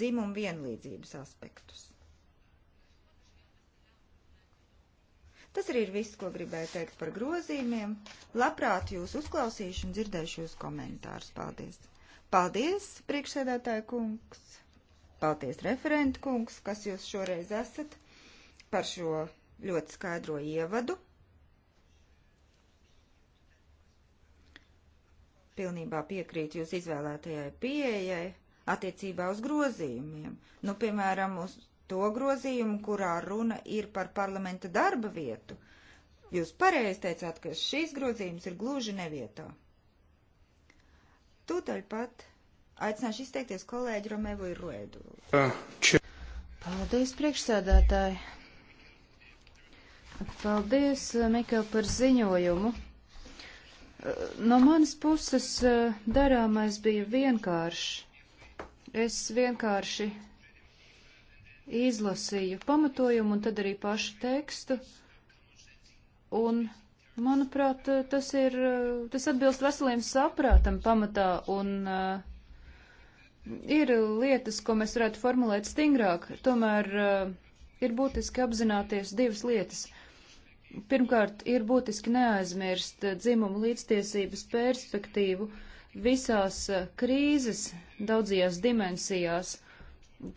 dzimumu vienlīdzības aspektus. Tas arī ir viss, ko gribēju teikt par grozījumiem. Labprāt jūs uzklausīšu un dzirdēšu jūs komentārus. Paldies! Paldies, priekšsēdētāja kungs! Paldies, referenta kungs, kas jūs šoreiz esat par šo ļoti skaidro ievadu. Pilnībā piekrīt jūs izvēlētajai pieejai attiecībā uz grozījumiem. Nu, piemēram, uz to grozījumu, kurā runa ir par parlamenta darba vietu, jūs pareizi teicāt, ka šīs grozījums ir gluži nevietā. Tūtaļ pat aicināšu izteikties kolēģi Romevu ir Ruedu. Paldies, priekšsēdētāji! Paldies, Mikel, par ziņojumu. No manas puses darāmais bija vienkārši. Es vienkārši izlasīju pamatojumu un tad arī pašu tekstu. Un, manuprāt, tas ir, tas atbilst veseliem saprātam pamatā un uh, ir lietas, ko mēs varētu formulēt stingrāk, tomēr uh, ir būtiski apzināties divas lietas. Pirmkārt, ir būtiski neaizmirst dzimumu līdztiesības perspektīvu visās eh, krīzes daudzajās dimensijās.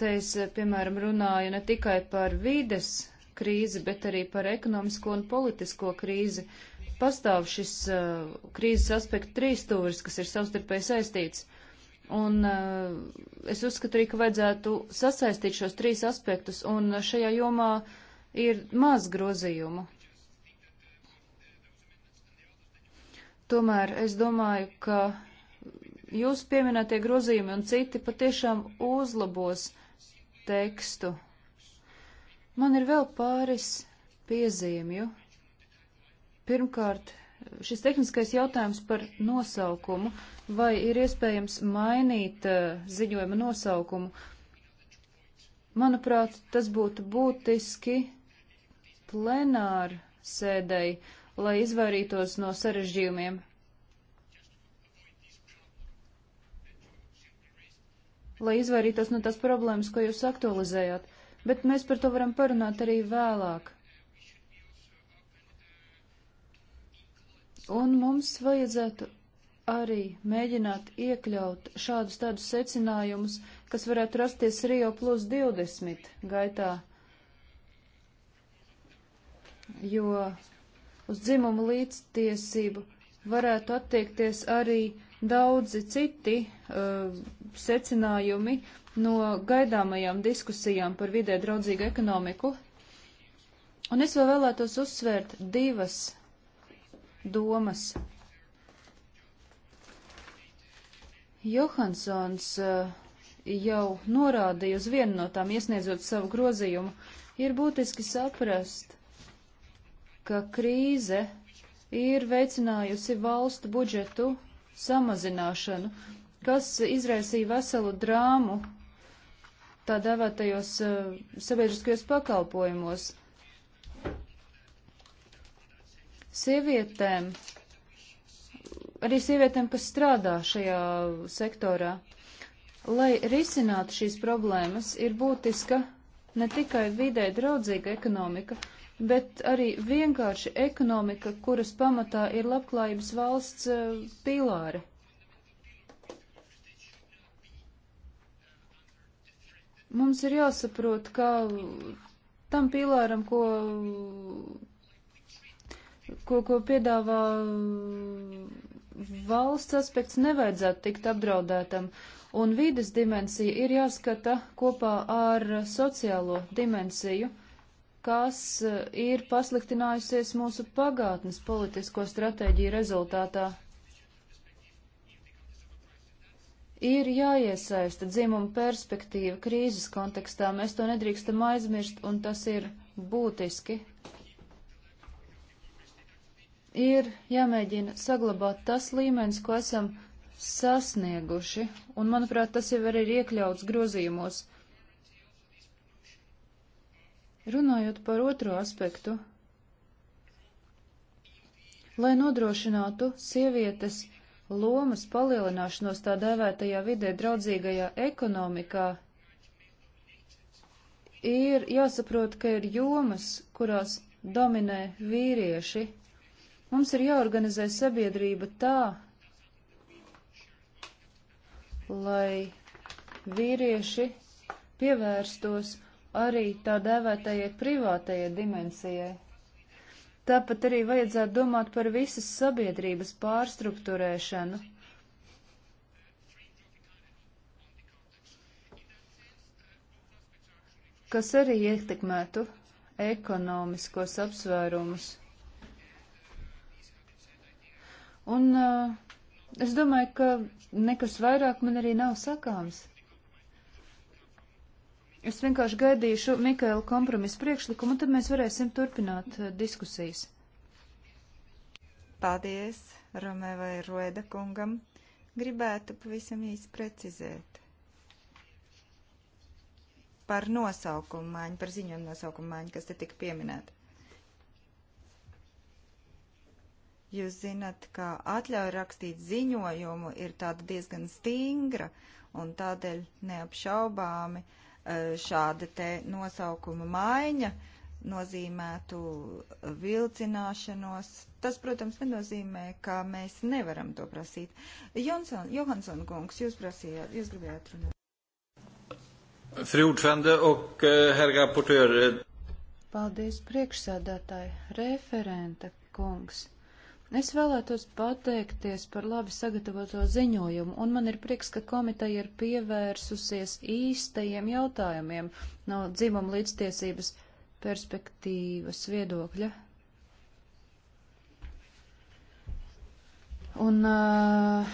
Te es, eh, piemēram, runāju ne tikai par vides krīzi, bet arī par ekonomisko un politisko krīzi. Pastāv šis uh, krīzes aspekts trīstūris, kas ir savstarpēji saistīts. Un uh, es uzskatu arī, ka vajadzētu sasaistīt šos trīs aspektus, un šajā jomā ir maz grozījumu. Tomēr es domāju, ka Jūs pieminētie grozījumi un citi patiešām uzlabos tekstu. Man ir vēl pāris piezīmju. Pirmkārt, šis tehniskais jautājums par nosaukumu. Vai ir iespējams mainīt uh, ziņojuma nosaukumu? Manuprāt, tas būtu būtiski plenāru sēdēji, lai izvairītos no sarežģījumiem lai izvairītos no tās problēmas, ko jūs aktualizējāt, bet mēs par to varam parunāt arī vēlāk. Un mums vajadzētu arī mēģināt iekļaut šādus tādus secinājumus, kas varētu rasties Rio plus 20 gaitā, jo uz dzimumu līdztiesību varētu attiekties arī uh, daudzi citi uh, secinājumi no gaidāmajām diskusijām par vidē draudzīgu ekonomiku. Un es vēl vēlētos uzsvērt divas domas. Johansons uh, jau norādīja uz vienu no tām, iesniedzot savu grozījumu, ir būtiski saprast, ka krīze ir veicinājusi valstu budžetu samazināšanu, kas izraisīja veselu drāmu tā dēvētajos uh, eh, sabiedriskajos pakalpojumos. Sievietēm, arī sievietēm, kas strādā šajā sektorā, lai risinātu šīs problēmas, ir būtiska ne tikai vidē draudzīga ekonomika, bet arī vienkārši ekonomika, kuras pamatā ir labklājības valsts eh, pīlāri. Mums ir jāsaprot, ka tam pīlāram, ko, ko, ko piedāvā valsts aspekts, nevajadzētu tikt apdraudētam. Un vīdes dimensija ir jāskata kopā ar sociālo dimensiju kas eh, ir pasliktinājusies mūsu pagātnes politisko stratēģiju rezultātā. Ir jāiesaista dzimuma perspektīva krīzes kontekstā, mēs to nedrīkstam aizmirst, un tas ir būtiski. Ir jāmēģina saglabāt tas līmenis, ko esam sasnieguši, un, manuprāt, tas jau arī ir iekļauts grozījumos. Runājot par otro aspektu, lai nodrošinātu sievietes lomas palielināšanos tā dēvētajā vidē draudzīgajā ekonomikā, ir jāsaprot, ka ir jomas, kurās dominē vīrieši. Mums ir jāorganizē sabiedrība tā, lai vīrieši pievērstos arī tā dēvētajai privātajai dimensijai. Tāpat arī vajadzētu domāt par visas sabiedrības pārstruktūrēšanu. kas arī ietekmētu ekonomiskos apsvērumus. Un uh, es domāju, ka nekas vairāk man arī nav sakāms. Es vienkārši gaidīšu Mikaela kompromisu priekšlikumu, un tad mēs varēsim turpināt eh, diskusijas. Paldies Romēvai Roeda kungam. Gribētu pavisam īsi precizēt par nosaukumu māņu, par ziņojumu nosaukumu māņu, kas te tika pieminēta. Jūs zinat, ka atļauja rakstīt ziņojumu ir tāda diezgan stingra un tādēļ neapšaubāmi uh, Eh, šāda te nosaukuma maiņa nozīmētu vilcināšanos. Tas, protams, nenozīmē, ka mēs nevaram to prasīt. Jonson, Johansson kungs, jūs prasījāt, jūs gribējāt runāt. Fru ordförande och eh, herr rapportör. Paldies priekšsēdētāji, referenta kungs. Es vēlētos pateikties par labi sagatavoto ziņojumu, un man ir prieks, ka komiteja ir pievērsusies īstajiem jautājumiem no dzimuma līdztiesības perspektīvas viedokļa. Un, uh,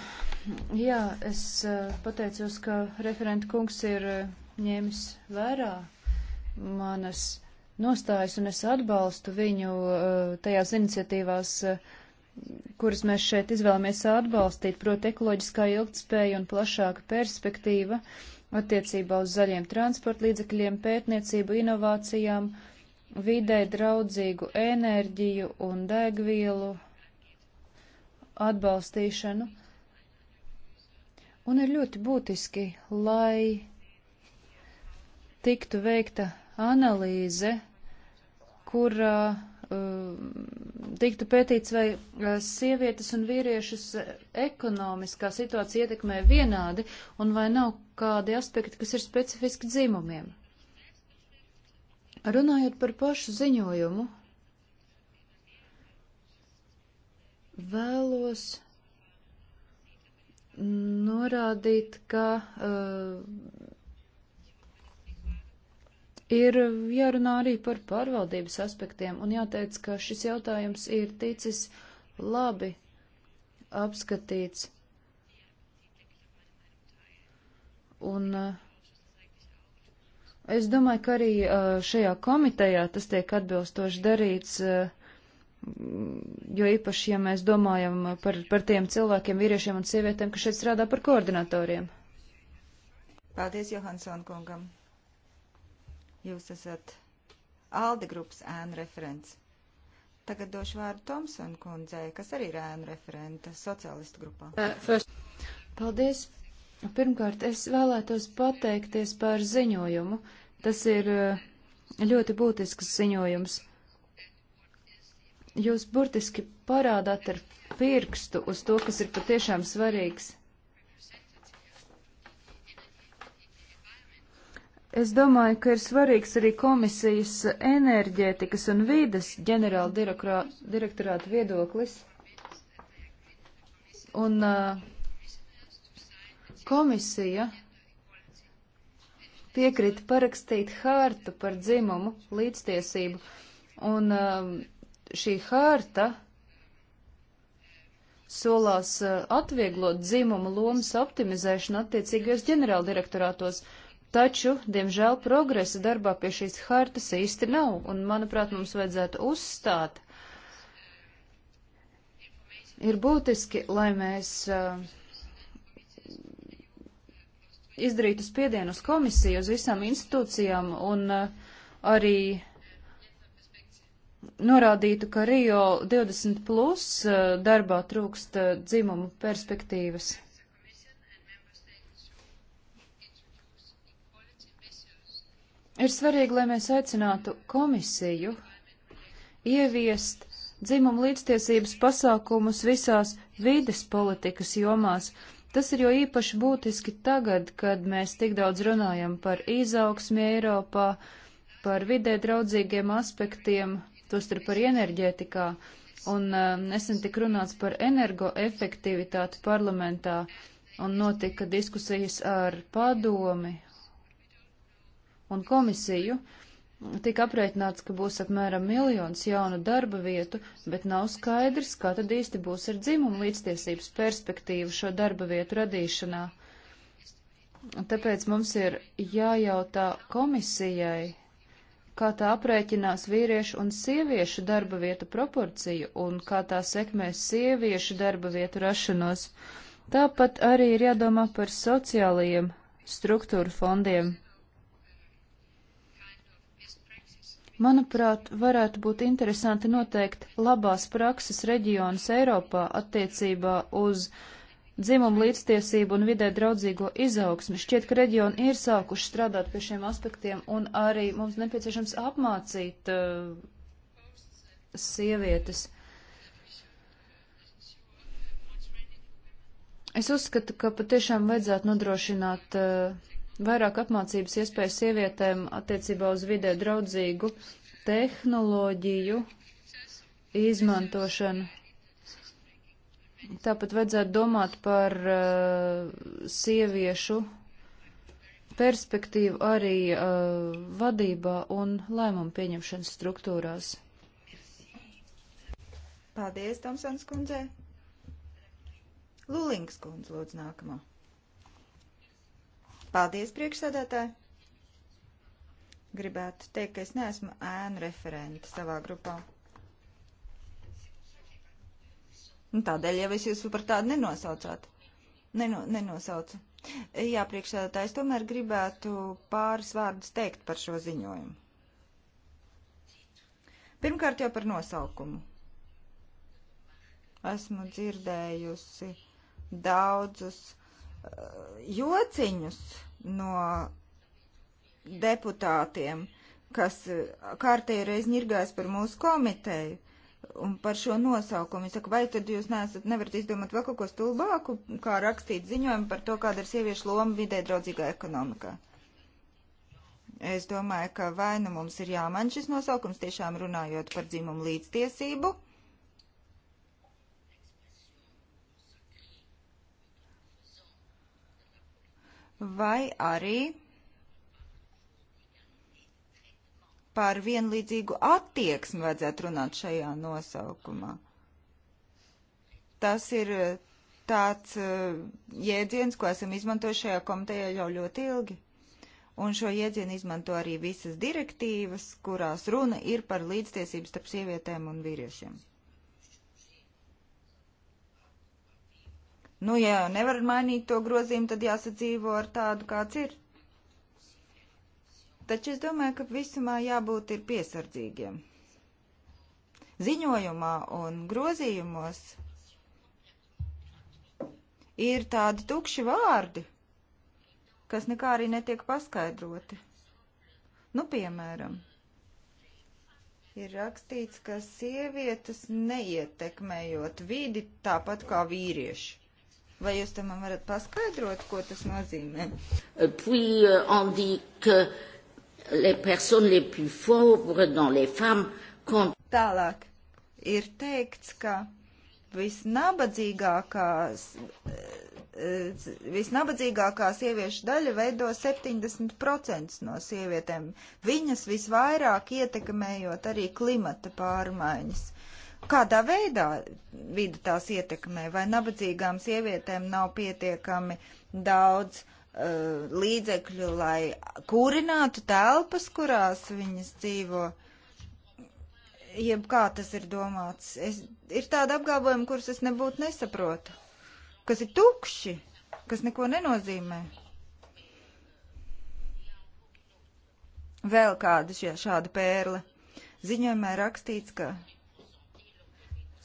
jā, es uh, pateicos, ka referenta kungs ir uh, ņēmis vērā manas nostājas, un es atbalstu viņu uh, tajās iniciatīvās. Uh, kuras mēs šeit izvēlamies atbalstīt, proti ekoloģiskā ilgtspēja un plašāka perspektīva attiecībā uz zaļiem transportlīdzekļiem, pētniecību, inovācijām, vidē draudzīgu enerģiju un degvielu atbalstīšanu. Un ir ļoti būtiski, lai tiktu veikta analīze, kurā uh, Um, tiktu pētīts, vai uh, sievietes un vīriešus uh, ekonomiskā situācija ietekmē vienādi, un vai nav kādi aspekti, kas ir specifiski dzimumiem. Runājot par pašu ziņojumu, vēlos norādīt, ka uh, Ir jārunā arī par pārvaldības aspektiem, un jāteic, ka šis jautājums ir ticis labi apskatīts. Un eh, es domāju, ka arī eh, šajā komitejā tas tiek atbilstoši darīts, eh, jo īpaši, ja mēs domājam par, par tiem cilvēkiem, vīriešiem un sievietēm, kas šeit strādā par koordinatoriem. Paldies Johansson kungam! Jūs esat Alde grupas ēnu referents. Tagad došu vārdu Tomson kundzei, kas arī ir ēnu referenta sociālistu grupā. Uh, Paldies. Pirmkārt, es vēlētos pateikties par ziņojumu. Tas ir uh, ļoti būtisks ziņojums. Jūs burtiski parādāt ar pirkstu uz to, kas ir patiešām svarīgs. Es domāju, ka ir svarīgs arī komisijas enerģētikas un vīdes ģenerāla direktorāta viedoklis. Un uh, komisija piekrita parakstīt hārtu par dzimumu līdztiesību. Un uh, šī hārta solās uh, atvieglot dzimumu lomas optimizēšanu attiecīgajos ģenerāldirektorātos. direktorātos Taču, diemžēl, progresa darbā pie šīs hartas īsti nav, un, manuprāt, mums vajadzētu uzstāt. Ir būtiski, lai mēs uh, izdarītu spiedienu uz komisiju, uz visām institūcijām un uh, arī norādītu, ka Rio 20 plus uh, darbā trūkst dzimumu perspektīvas. Ir svarīgi, lai mēs aicinātu komisiju ieviest dzimumu līdztiesības pasākumus visās vides politikas jomās. Tas ir jo īpaši būtiski tagad, kad mēs tik daudz runājam par izaugsmi Eiropā, par vidē draudzīgiem aspektiem, tostarp par enerģētikā, un um, nesen tik runāts par energoefektivitāti parlamentā, un notika diskusijas ar padomi un komisiju, tika apreitināts, ka būs apmēram miljons jaunu darba vietu, bet nav skaidrs, kā tad īsti būs ar dzimumu līdztiesības perspektīvu šo darba vietu radīšanā. Tāpēc mums ir jājautā komisijai, kā tā aprēķinās vīriešu un sieviešu darba vietu proporciju un kā tā sekmēs sieviešu darba vietu rašanos. Tāpat arī ir jādomā par sociālajiem struktūru fondiem. Manuprāt, varētu būt interesanti noteikt labās prakses reģionus Eiropā attiecībā uz dzimumu līdztiesību un vidē draudzīgo izaugsmi. Šķiet, ka reģioni ir sākuši strādāt pie šiem aspektiem, un arī mums nepieciešams apmācīt uh, sievietes. Es uzskatu, ka patiešām vajadzētu nodrošināt uh, vairāk apmācības iespējas sievietēm attiecībā uz vidē draudzīgu tehnoloģiju izmantošanu. Tāpat vajadzētu domāt par uh, sieviešu perspektīvu arī uh, vadībā un lēmumu pieņemšanas struktūrās. Paldies, Tomsons kundze. Lulings kundze, lūdzu, nākamā. Paldies, priekšsēdētāji! Gribētu teikt, ka es neesmu ēnu referenti savā grupā. Un nu, tādēļ jau es jūs par tādu nenosaucātu. Neno, nenosaucu. Jā, priekšsēdētājs, tomēr gribētu pāris vārdus teikt par šo ziņojumu. Pirmkārt jau par nosaukumu. Esmu dzirdējusi daudzus Uh, jociņus no deputātiem, kas uh, kārtēji reiz ņirgās par mūsu komiteju un par šo nosaukumu. Es saku, vai tad jūs neesat, nevarat izdomāt vēl kaut ko stulbāku, kā rakstīt ziņojumu par to, kāda ir sieviešu loma vidē draudzīgā ekonomikā? Es domāju, ka vai nu mums ir jāmaina šis nosaukums, tiešām runājot par dzimumu līdztiesību vai arī par vienlīdzīgu attieksmi vajadzētu runāt šajā nosaukumā. Tas ir eh, tāds eh, jēdziens, ko esam izmantojuši šajā komitejā jau ļoti ilgi. Un šo jēdzienu izmanto arī visas direktīvas, kurās runa ir par līdztiesības starp sievietēm un vīriešiem. Nu, ja nevar mainīt to grozījumu, tad jāsadzīvo ar tādu, kāds ir. Taču es domāju, ka visumā jābūt ir piesardzīgiem. Ziņojumā un grozījumos ir tādi tukši vārdi, kas nekā arī netiek paskaidroti. Nu, piemēram, ir rakstīts, ka sievietes neietekmējot vidi tāpat kā vīrieši. Vai jūs tam varat paskaidrot, ko tas nozīmē? Euh, puis, euh, on dit que les personnes les plus pauvres dans les femmes comptent. Tālāk ir teikts, ka visnabadzīgākās, eh, visnabadzīgākā sieviešu daļa veido 70% no sievietēm, viņas visvairāk ietekmējot arī klimata pārmaiņas kādā veidā vidi tās ietekmē, vai nabadzīgām sievietēm nav pietiekami daudz uh, līdzekļu, lai kūrinātu telpas, kurās viņas dzīvo. Jeb kā tas ir domāts, es, ir tāda apgalvojuma, kuras es nebūtu nesaprotu, kas ir tukši, kas neko nenozīmē. Vēl kāda šie, šāda pērle. Ziņojumā rakstīts, ka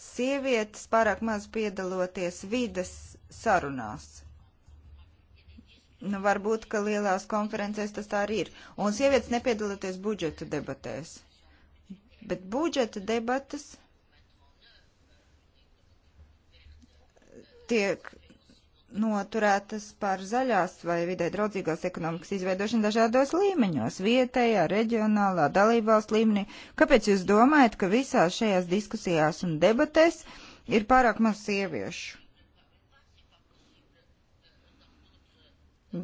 sievietes pārāk maz piedaloties vides sarunās. Nu, varbūt, ka lielās konferencēs tas tā arī ir. Un sievietes nepiedaloties budžeta debatēs. Bet budžeta debatas tiek noturētas par zaļās vai vidē draudzīgās ekonomikas izveidošanu dažādos līmeņos - vietējā, reģionālā, dalībvalsts līmenī. Kāpēc jūs domājat, ka visās šajās diskusijās un debatēs ir pārāk maz sieviešu?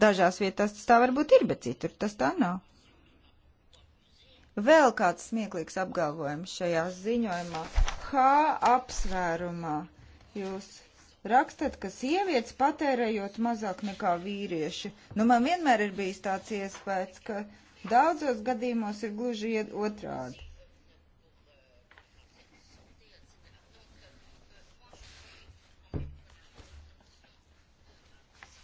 Dažās vietās tas tā varbūt ir, bet citur tas tā nav. Vēl kāds smieklīgs apgalvojums šajā ziņojumā. H apsvērumā jūs rakstat, ka sievietes patērējot mazāk nekā vīrieši. Nu, man vienmēr ir bijis tāds iespējas, ka daudzos gadījumos ir gluži otrādi.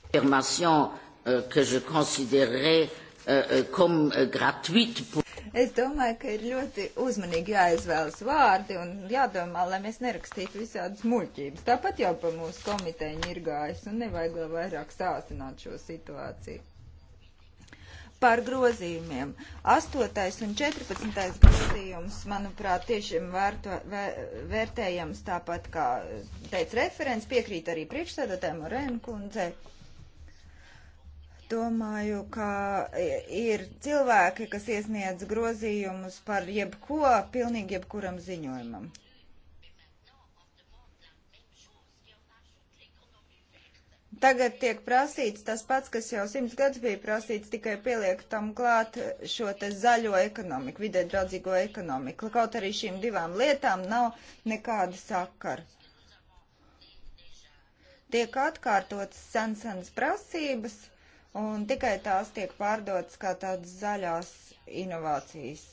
affirmation euh, que je considérerais euh, euh comme euh, gratuite pour Es domāju, ka ir ļoti uzmanīgi jāizvēlas vārdi un jādomā, lai mēs nerakstītu visādas muļķības. Tāpat jau pa mūsu komiteju ir gājis un nevajag vēl vairāk sāsināt šo situāciju. Par grozījumiem. 8. un 14. grozījums, manuprāt, tiešām vērto, vēr, vērtējams tāpat, kā teica referents, piekrīt arī priekšsēdētājiem Renkundzei. Domāju, ka ir cilvēki, kas iesniedz grozījumus par jebko, pilnīgi jebkuram ziņojumam. Tagad tiek prasīts tas pats, kas jau simts gadus bija prasīts, tikai pieliek tam klāt šo te zaļo ekonomiku, vidē draudzīgo ekonomiku. Kaut arī šīm divām lietām nav nekāda sakara. Tiek atkārtotas sensenas prasības un tikai tās tiek pārdotas kā tādas zaļās inovācijas.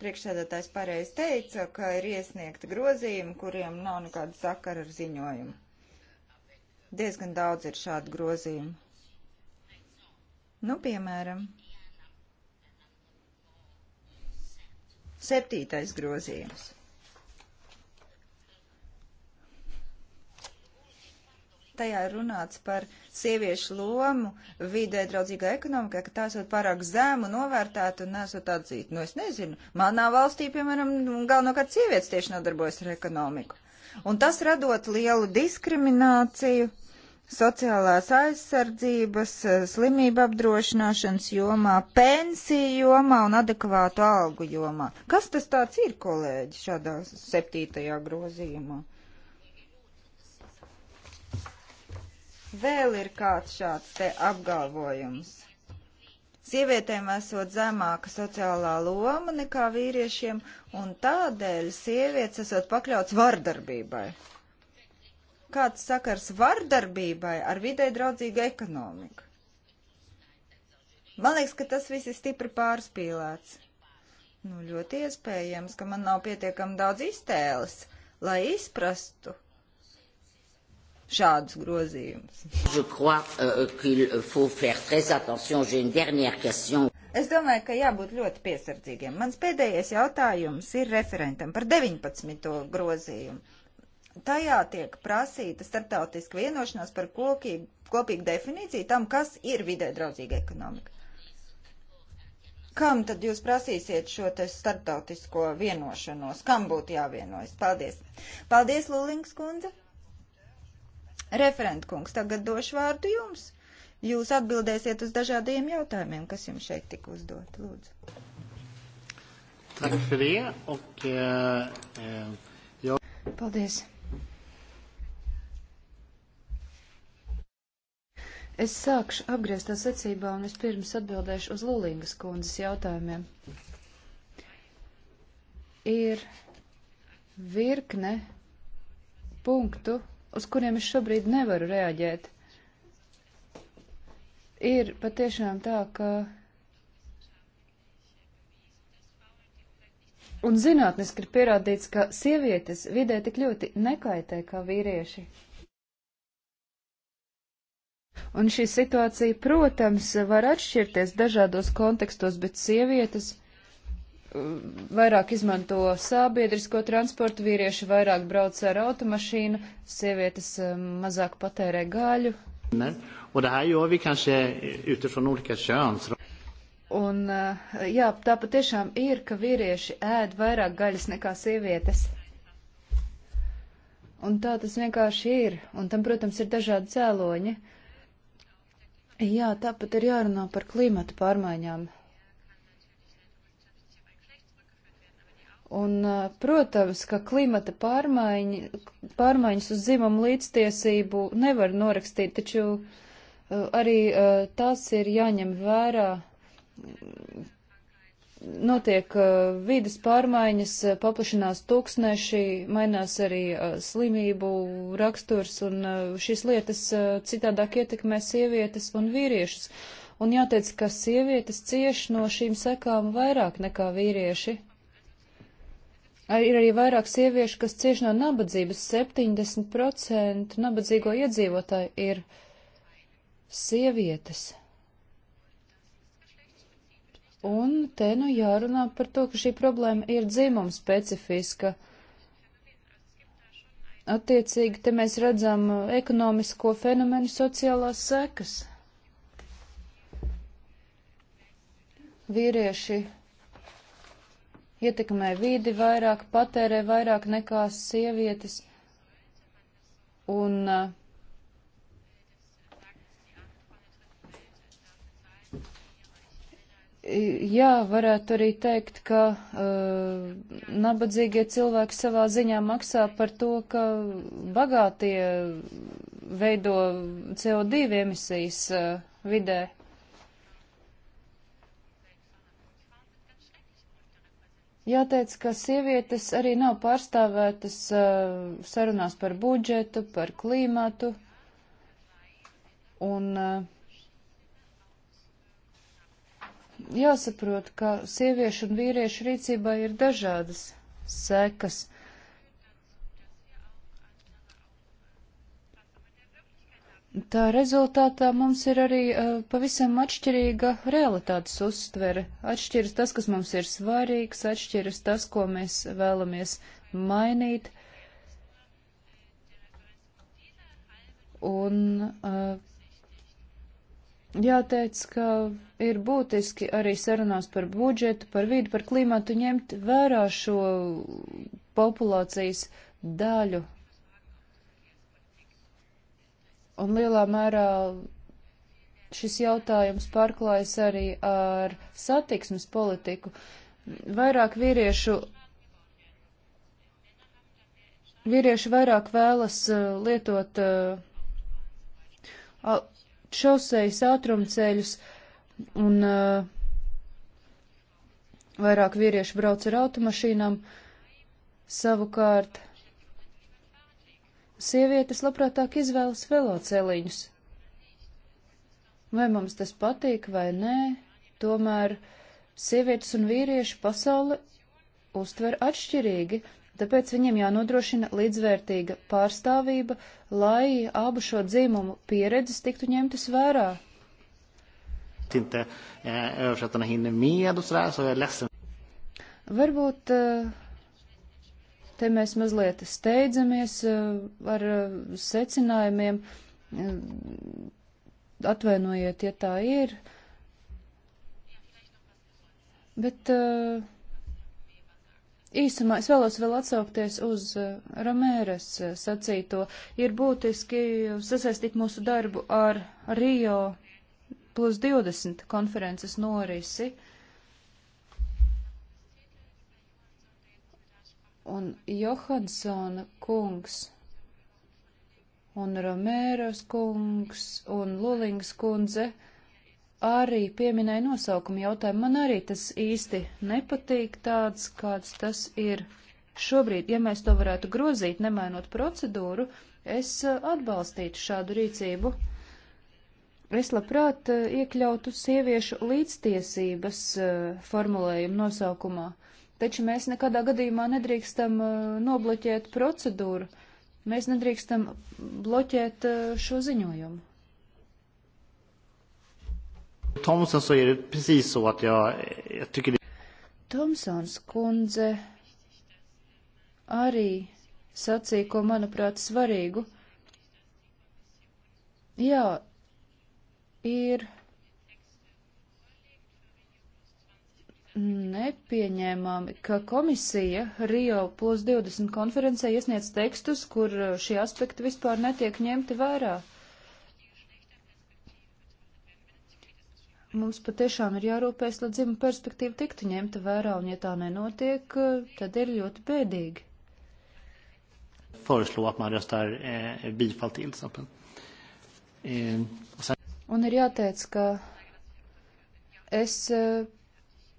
Priekšsēdētājs pareizi teica, ka ir iesniegti grozījumi, kuriem nav nekāda sakara ar ziņojumu. Diezgan daudz ir šādu grozījumu. Nu, piemēram, septītais grozījums. tajā ir runāts par sieviešu lomu vidē draudzīgā ekonomikā, ka tās ir pārāk zēmu novērtēta un nesot atzīta. Nu, es nezinu, manā valstī, piemēram, galvenokārt sievietes tieši nodarbojas ar ekonomiku. Un tas radot lielu diskrimināciju sociālās aizsardzības, slimību apdrošināšanas jomā, pensiju jomā un adekvātu algu jomā. Kas tas tāds ir, kolēģi, šādā septītajā grozījumā? vēl ir kāds šāds te apgalvojums. Sievietēm esot zemāka sociālā loma nekā vīriešiem, un tādēļ sievietes esot pakļauts vardarbībai. Kāds sakars vardarbībai ar vidē draudzīgu ekonomiku? Man liekas, ka tas viss ir stipri pārspīlēts. Nu, ļoti iespējams, ka man nav pietiekami daudz iztēles, lai izprastu, šādus grozījumus. Euh, es domāju, ka jābūt ļoti piesardzīgiem. Mans pēdējais jautājums ir referentam par 19. grozījumu. Tajā tiek prasīta starptautiska vienošanās par kokību, kopīgu definīciju tam, kas ir vidē draudzīga ekonomika. Kam tad jūs prasīsiet šo te starptautisko vienošanos? Kam būtu jāvienojas? Paldies. Paldies, Lulings kundze. Referent kungs, tagad došu vārdu jums. Jūs atbildēsiet uz dažādiem jautājumiem, kas jums šeit tika uzdot. Lūdzu. Tak för det och eh, eh, jag... Paldies. Es sākšu apgrieztā secībā un vispirms atbildēšu uz Lulīngas kundzes jautājumiem. Ir virkne punktu, uz kuriem es šobrīd nevaru reaģēt. Ir patiešām tā, ka. Un zinātniski ir pierādīts, ka sievietes vidē tik ļoti nekaitē kā vīrieši. Un šī situācija, protams, var atšķirties dažādos kontekstos, bet sievietes vairāk izmanto sabiedrisko transportu, vīrieši vairāk brauc ar automašīnu, sievietes eh, mazāk patērē gaļu. Un eh, jā, tā patiešām ir, ka vīrieši ēd vairāk gaļas nekā sievietes. Un tā tas vienkārši ir, un tam, protams, ir dažādi cēloņi. Jā, tāpat ir jārunā par klimatu pārmaiņām. Un, protams, ka klimata pārmaiņa, pārmaiņas uz dzimumu līdztiesību nevar norakstīt, taču arī tās ir jāņem vērā. Notiek vidas pārmaiņas, paplašinās tūkstneši, mainās arī slimību raksturs, un šīs lietas citādāk ietekmē sievietes un vīriešus. Un jāteic, ka sievietes cieš no šīm sekām vairāk nekā vīrieši. Ir arī vairāk sieviešu, kas cieši no nabadzības. 70% nabadzīgo iedzīvotāju ir sievietes. Un te nu jārunā par to, ka šī problēma ir dzimuma specifiska. Attiecīgi, te mēs redzam ekonomisko fenomenu sociālās sekas. Vīrieši ietekmē vidi vairāk, patērē vairāk nekā sievietes. Un eh, jā, varētu arī teikt, ka uh, nabadzīgie cilvēki savā ziņā maksā par to, ka bagātie veido CO2 emisijas uh, vidē. Jāteic, ka sievietes arī nav pārstāvētas uh, sarunās par budžetu, par klīmatu. Un uh, jāsaprot, ka sieviešu un vīriešu rīcībā ir dažādas sekas. Tā rezultātā mums ir arī uh, pavisam atšķirīga realitātes uztvere. Atšķiras tas, kas mums ir svarīgs, atšķiras tas, ko mēs vēlamies mainīt. Un uh, jāteic, ka ir būtiski arī sarunās par budžetu, par vīdu, par klimatu ņemt vērā šo populācijas daļu Un lielā mērā šis jautājums pārklājas arī ar satiksmes politiku. Vairāk vīriešu, vīrieši vairāk vēlas uh, lietot uh, šausejas ātrumceļus un uh, vairāk vīrieši brauc ar automašīnām. Savukārt Sievietes labprātāk izvēlas veloceliņus. Vai mums tas patīk vai nē, tomēr sievietes un vīrieši pasauli uztver atšķirīgi, tāpēc viņiem jānodrošina līdzvērtīga pārstāvība, lai abu šo dzīmumu pieredzes tiktu ņemtas vērā. Eh, Varbūt uh, Te mēs mazliet steidzamies eh, ar eh, secinājumiem. Eh, atvainojiet, ja tā ir. Bet īsumā es vēlos vēl atsaukties uz Ramēras sacīto. Ir būtiski sasaistīt mūsu darbu ar Rio plus 20 konferences norisi. Uh, un Johansona kungs un Romēros kungs un Lulings kundze arī pieminēja nosaukumu jautājumu. Man arī tas īsti nepatīk tāds, kāds tas ir šobrīd. Ja mēs to varētu grozīt, nemainot procedūru, es eh, atbalstītu šādu rīcību. Es labprāt eh, iekļautu sieviešu līdztiesības eh, formulējumu nosaukumā. Taču mēs nekādā gadījumā nedrīkstam eh, nobloķēt procedūru. Mēs nedrīkstam bloķēt eh, šo ziņojumu. Tomsons, så är det precis så att jag, jag tycker det... Tomsons kundze arī sacīja, ko manuprāt svarīgu. Jā, ir nepieņēmami, ka komisija Rio plus 20 konferencē iesniedz tekstus, kur uh, šie aspekti vispār netiek ņemti vērā. Mums patiešām ir jārūpēs, lai dzimuma perspektīva tiktu ņemta vērā, un ja tā nenotiek, uh, tad ir ļoti bēdīgi. Foreslå att man röstar eh, bifall till till exempel. Eh, och sen... Un ir jāteic, ka es eh,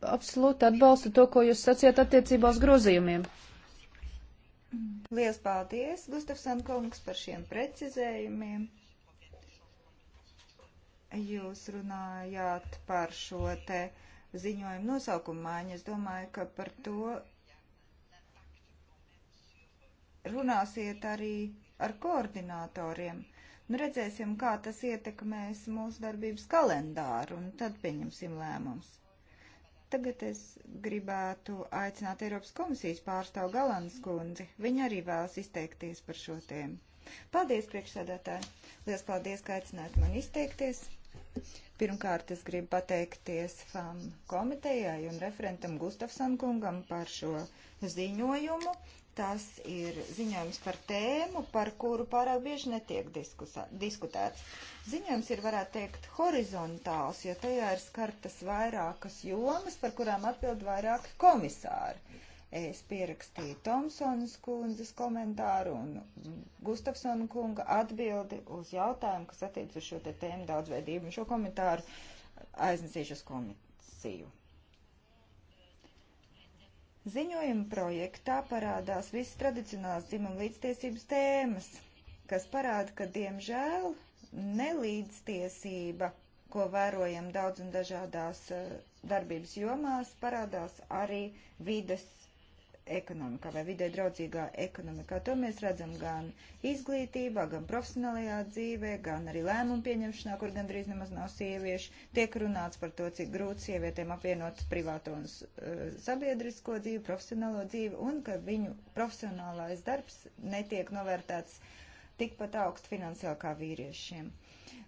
absolūti atbalstu to, ko jūs sacījāt attiecībā uz grozījumiem. Lielas paldies, Gustafsson kungs, par šiem precizējumiem. Jūs runājāt par šo te ziņojumu nosaukumu maiņu. Es domāju, ka par to runāsiet arī ar koordinatoriem. Nu, redzēsim, kā tas ietekmēs mūsu darbības kalendāru, un tad pieņemsim lēmumus. Tagad es gribētu aicināt Eiropas komisijas pārstāvu Galanas kundzi. Viņa arī vēlas izteikties par šo tēmu. Paldies, priekšsēdētāji! Lielas paldies, ka aicināt mani izteikties! Pirmkārt, es gribu pateikties FAM komitejai un referentam Gustafsam kungam par šo ziņojumu Tas ir ziņojums par tēmu, par kuru pārāk bieži netiek diskusā, diskutēts. Ziņojums ir, varētu teikt, horizontāls, jo tajā ir skartas vairākas jomas, par kurām atbild vairāki komisāri. Es pierakstīju Tomsonas kundzes komentāru un Gustafsona kunga atbildi uz jautājumu, kas attiec uz šo te tēmu daudzveidību. Un šo komentāru aiznesīšu uz komisiju. Ziņojuma projektā parādās visas tradicionālās dzimuma līdztiesības tēmas, kas parāda, ka diemžēl nelīdztiesība, ko vērojam daudz un dažādās eh, darbības jomās, parādās arī vides ekonomikā vai vidē draudzīgā ekonomikā. To mēs redzam gan izglītībā, gan profesionālajā dzīvē, gan arī lēmumu pieņemšanā, kur gandrīz nemaz nav sieviešu. Tiek runāts par to, cik grūti sievietēm apvienot privāto un uh, sabiedrisko dzīvi, profesionālo dzīvi, un ka viņu profesionālais darbs netiek novērtēts tikpat augstu finansiāli kā vīriešiem. Uh,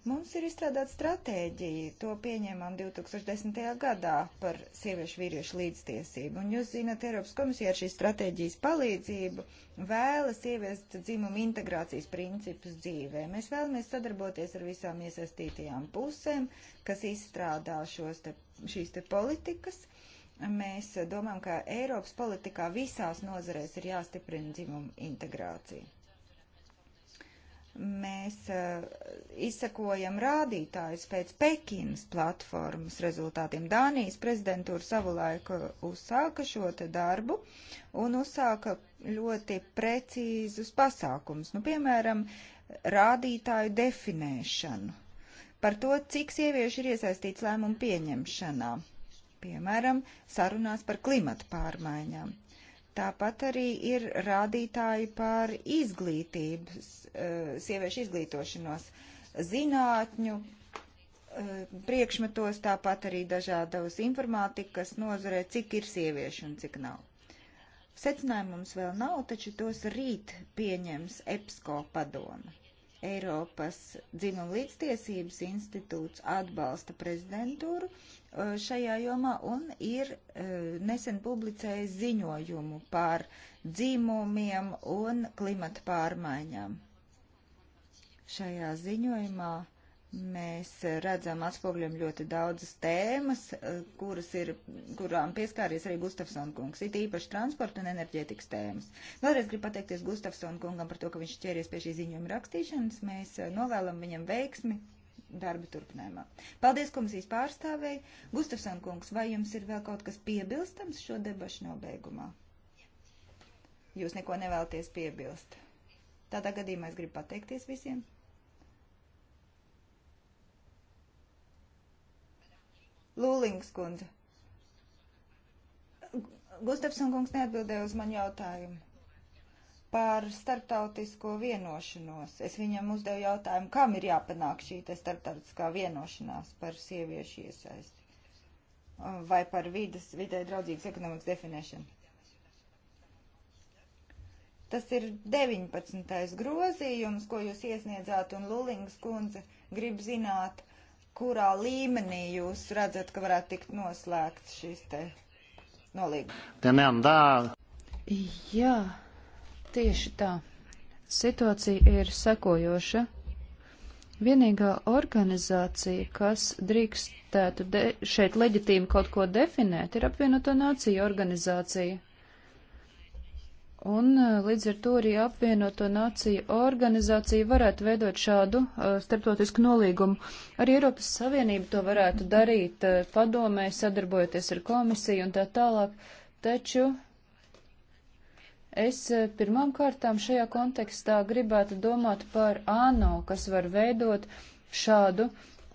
Mums ir izstrādāta stratēģija, to pieņēmām 2010. gadā par sieviešu vīriešu līdztiesību. Un jūs zināt, Eiropas komisija ar šīs stratēģijas palīdzību vēlas ieviest dzimumu integrācijas principus dzīvē. Mēs vēlamies sadarboties ar visām iesaistītajām pusēm, kas izstrādā šos te, šīs te politikas mēs domājam, ka Eiropas politikā visās nozarēs ir jāstiprina dzimuma integrācija mēs uh, eh, izsakojam rādītājus pēc Pekinas platformas rezultātiem. Dānijas prezidentūra savulaik eh, uzsāka šo te darbu un uzsāka ļoti precīzus pasākumus, nu, piemēram, rādītāju definēšanu par to, cik sieviešu ir iesaistīts lēmumu pieņemšanā, piemēram, sarunās par klimatu pārmaiņām. Tāpat arī ir rādītāji par izglītības, eh, sieviešu izglītošanos, zinātņu eh, priekšmetos, tāpat arī dažādas informātikas nozarē, cik ir sieviešu un cik nav. Secinājumu mums vēl nav, taču tos rīt pieņems EPSCO padoma. Eiropas dzimuma līdztiesības institūts atbalsta prezidentūru Uh, šajā jomā un ir uh, nesen publicējis ziņojumu par dzīmumiem un klimata pārmaiņām. Šajā ziņojumā mēs uh, redzam atspogļam ļoti daudzas tēmas, kuras ir, kurām pieskāries arī Gustafsson kungs, it īpaši transporta un enerģētikas tēmas. Vēlreiz gribu pateikties Gustafsson kungam par to, ka viņš ķēries pie šī ziņojuma rakstīšanas. Mēs novēlam viņam veiksmi darba turpinājumā. Paldies komisijas pārstāvēji. Gustafson kungs, vai jums ir vēl kaut kas piebilstams šo debašu nobeigumā? Jūs neko nevēlaties piebilst. Tādā gadījumā es gribu pateikties visiem. Lūlings kundze. Gustafson kungs neatbildēja uz manu jautājumu par starptautisko vienošanos. Es viņam uzdevu jautājumu, kam ir jāpanāk šī starptautiskā vienošanās par sieviešu iesaisti uh, vai par vidas, vidē draudzīgas ekonomikas definēšanu. Tas ir 19. grozījums, ko jūs iesniedzāt, un Lulings kundze grib zināt, kurā līmenī jūs redzat, ka varētu tikt noslēgts šis te nolīgums. Jā. Tieši tā. Situācija ir sekojoša. Vienīgā organizācija, kas drīkstētu šeit leģitīmi kaut ko definēt, ir apvienoto nāciju organizācija. Un eh, līdz ar to arī apvienoto nāciju organizācija varētu veidot šādu uh, starptautisku nolīgumu. Arī Eiropas Savienība to varētu darīt uh, padomē, sadarbojoties ar komisiju un tā tālāk. Taču Es eh, pirmām kārtām šajā kontekstā gribētu domāt par ANO, kas var veidot šādu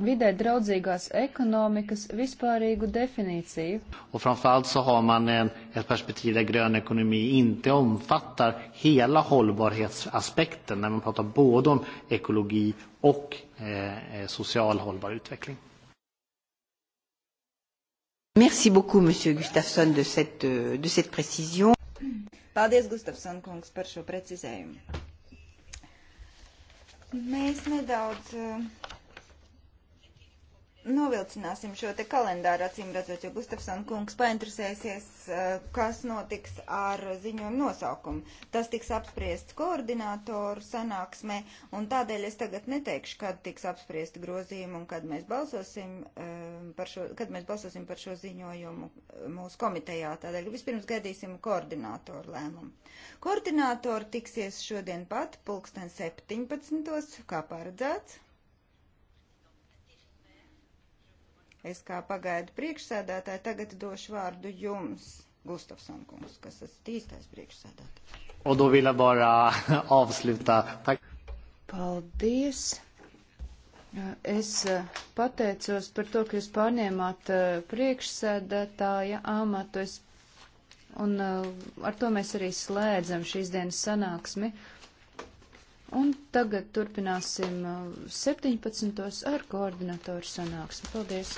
vidē draudzīgās ekonomikas vispārīgu definīciju. Och framförallt så har man en, ett perspektiv där grön ekonomi inte omfattar hela hållbarhetsaspekten när man pratar både om ekologi och eh, eh social hållbar utveckling. Merci beaucoup, Monsieur Gustafsson, de cette, de cette précision. Paldies, Gustafson kungs, par šo precizējumu. Mēs nedaudz uh, novilcināsim šo te kalendāru, acīm redzot, jo Gustafson kungs painteresēsies, eh, kas notiks ar ziņojumu nosaukumu. Tas tiks apspriests koordinātoru sanāksmē, un tādēļ es tagad neteikšu, kad tiks apspriesti grozījumi un kad mēs balsosim eh, par šo, kad mēs balsosim par šo ziņojumu eh, mūsu komitejā. Tādēļ vispirms gaidīsim koordinātoru lēmumu. Koordinātori tiksies šodien pat pulksten 17. kā paredzēts Es kā pagaidu priekšsēdētāju tagad došu vārdu jums, Gustafson kungs, kas esat īstais priekšsēdētājs. Och då vill jag bara avsluta. Tack. Paldies. Es eh, pateicos par to, ka jūs pārņēmāt eh, priekšsēdētāja amatu. Es, un eh, ar to mēs arī slēdzam šīs dienas sanāksmi. Un tagad turpināsim 17. ar koordinatoru sanāksmi. Paldies!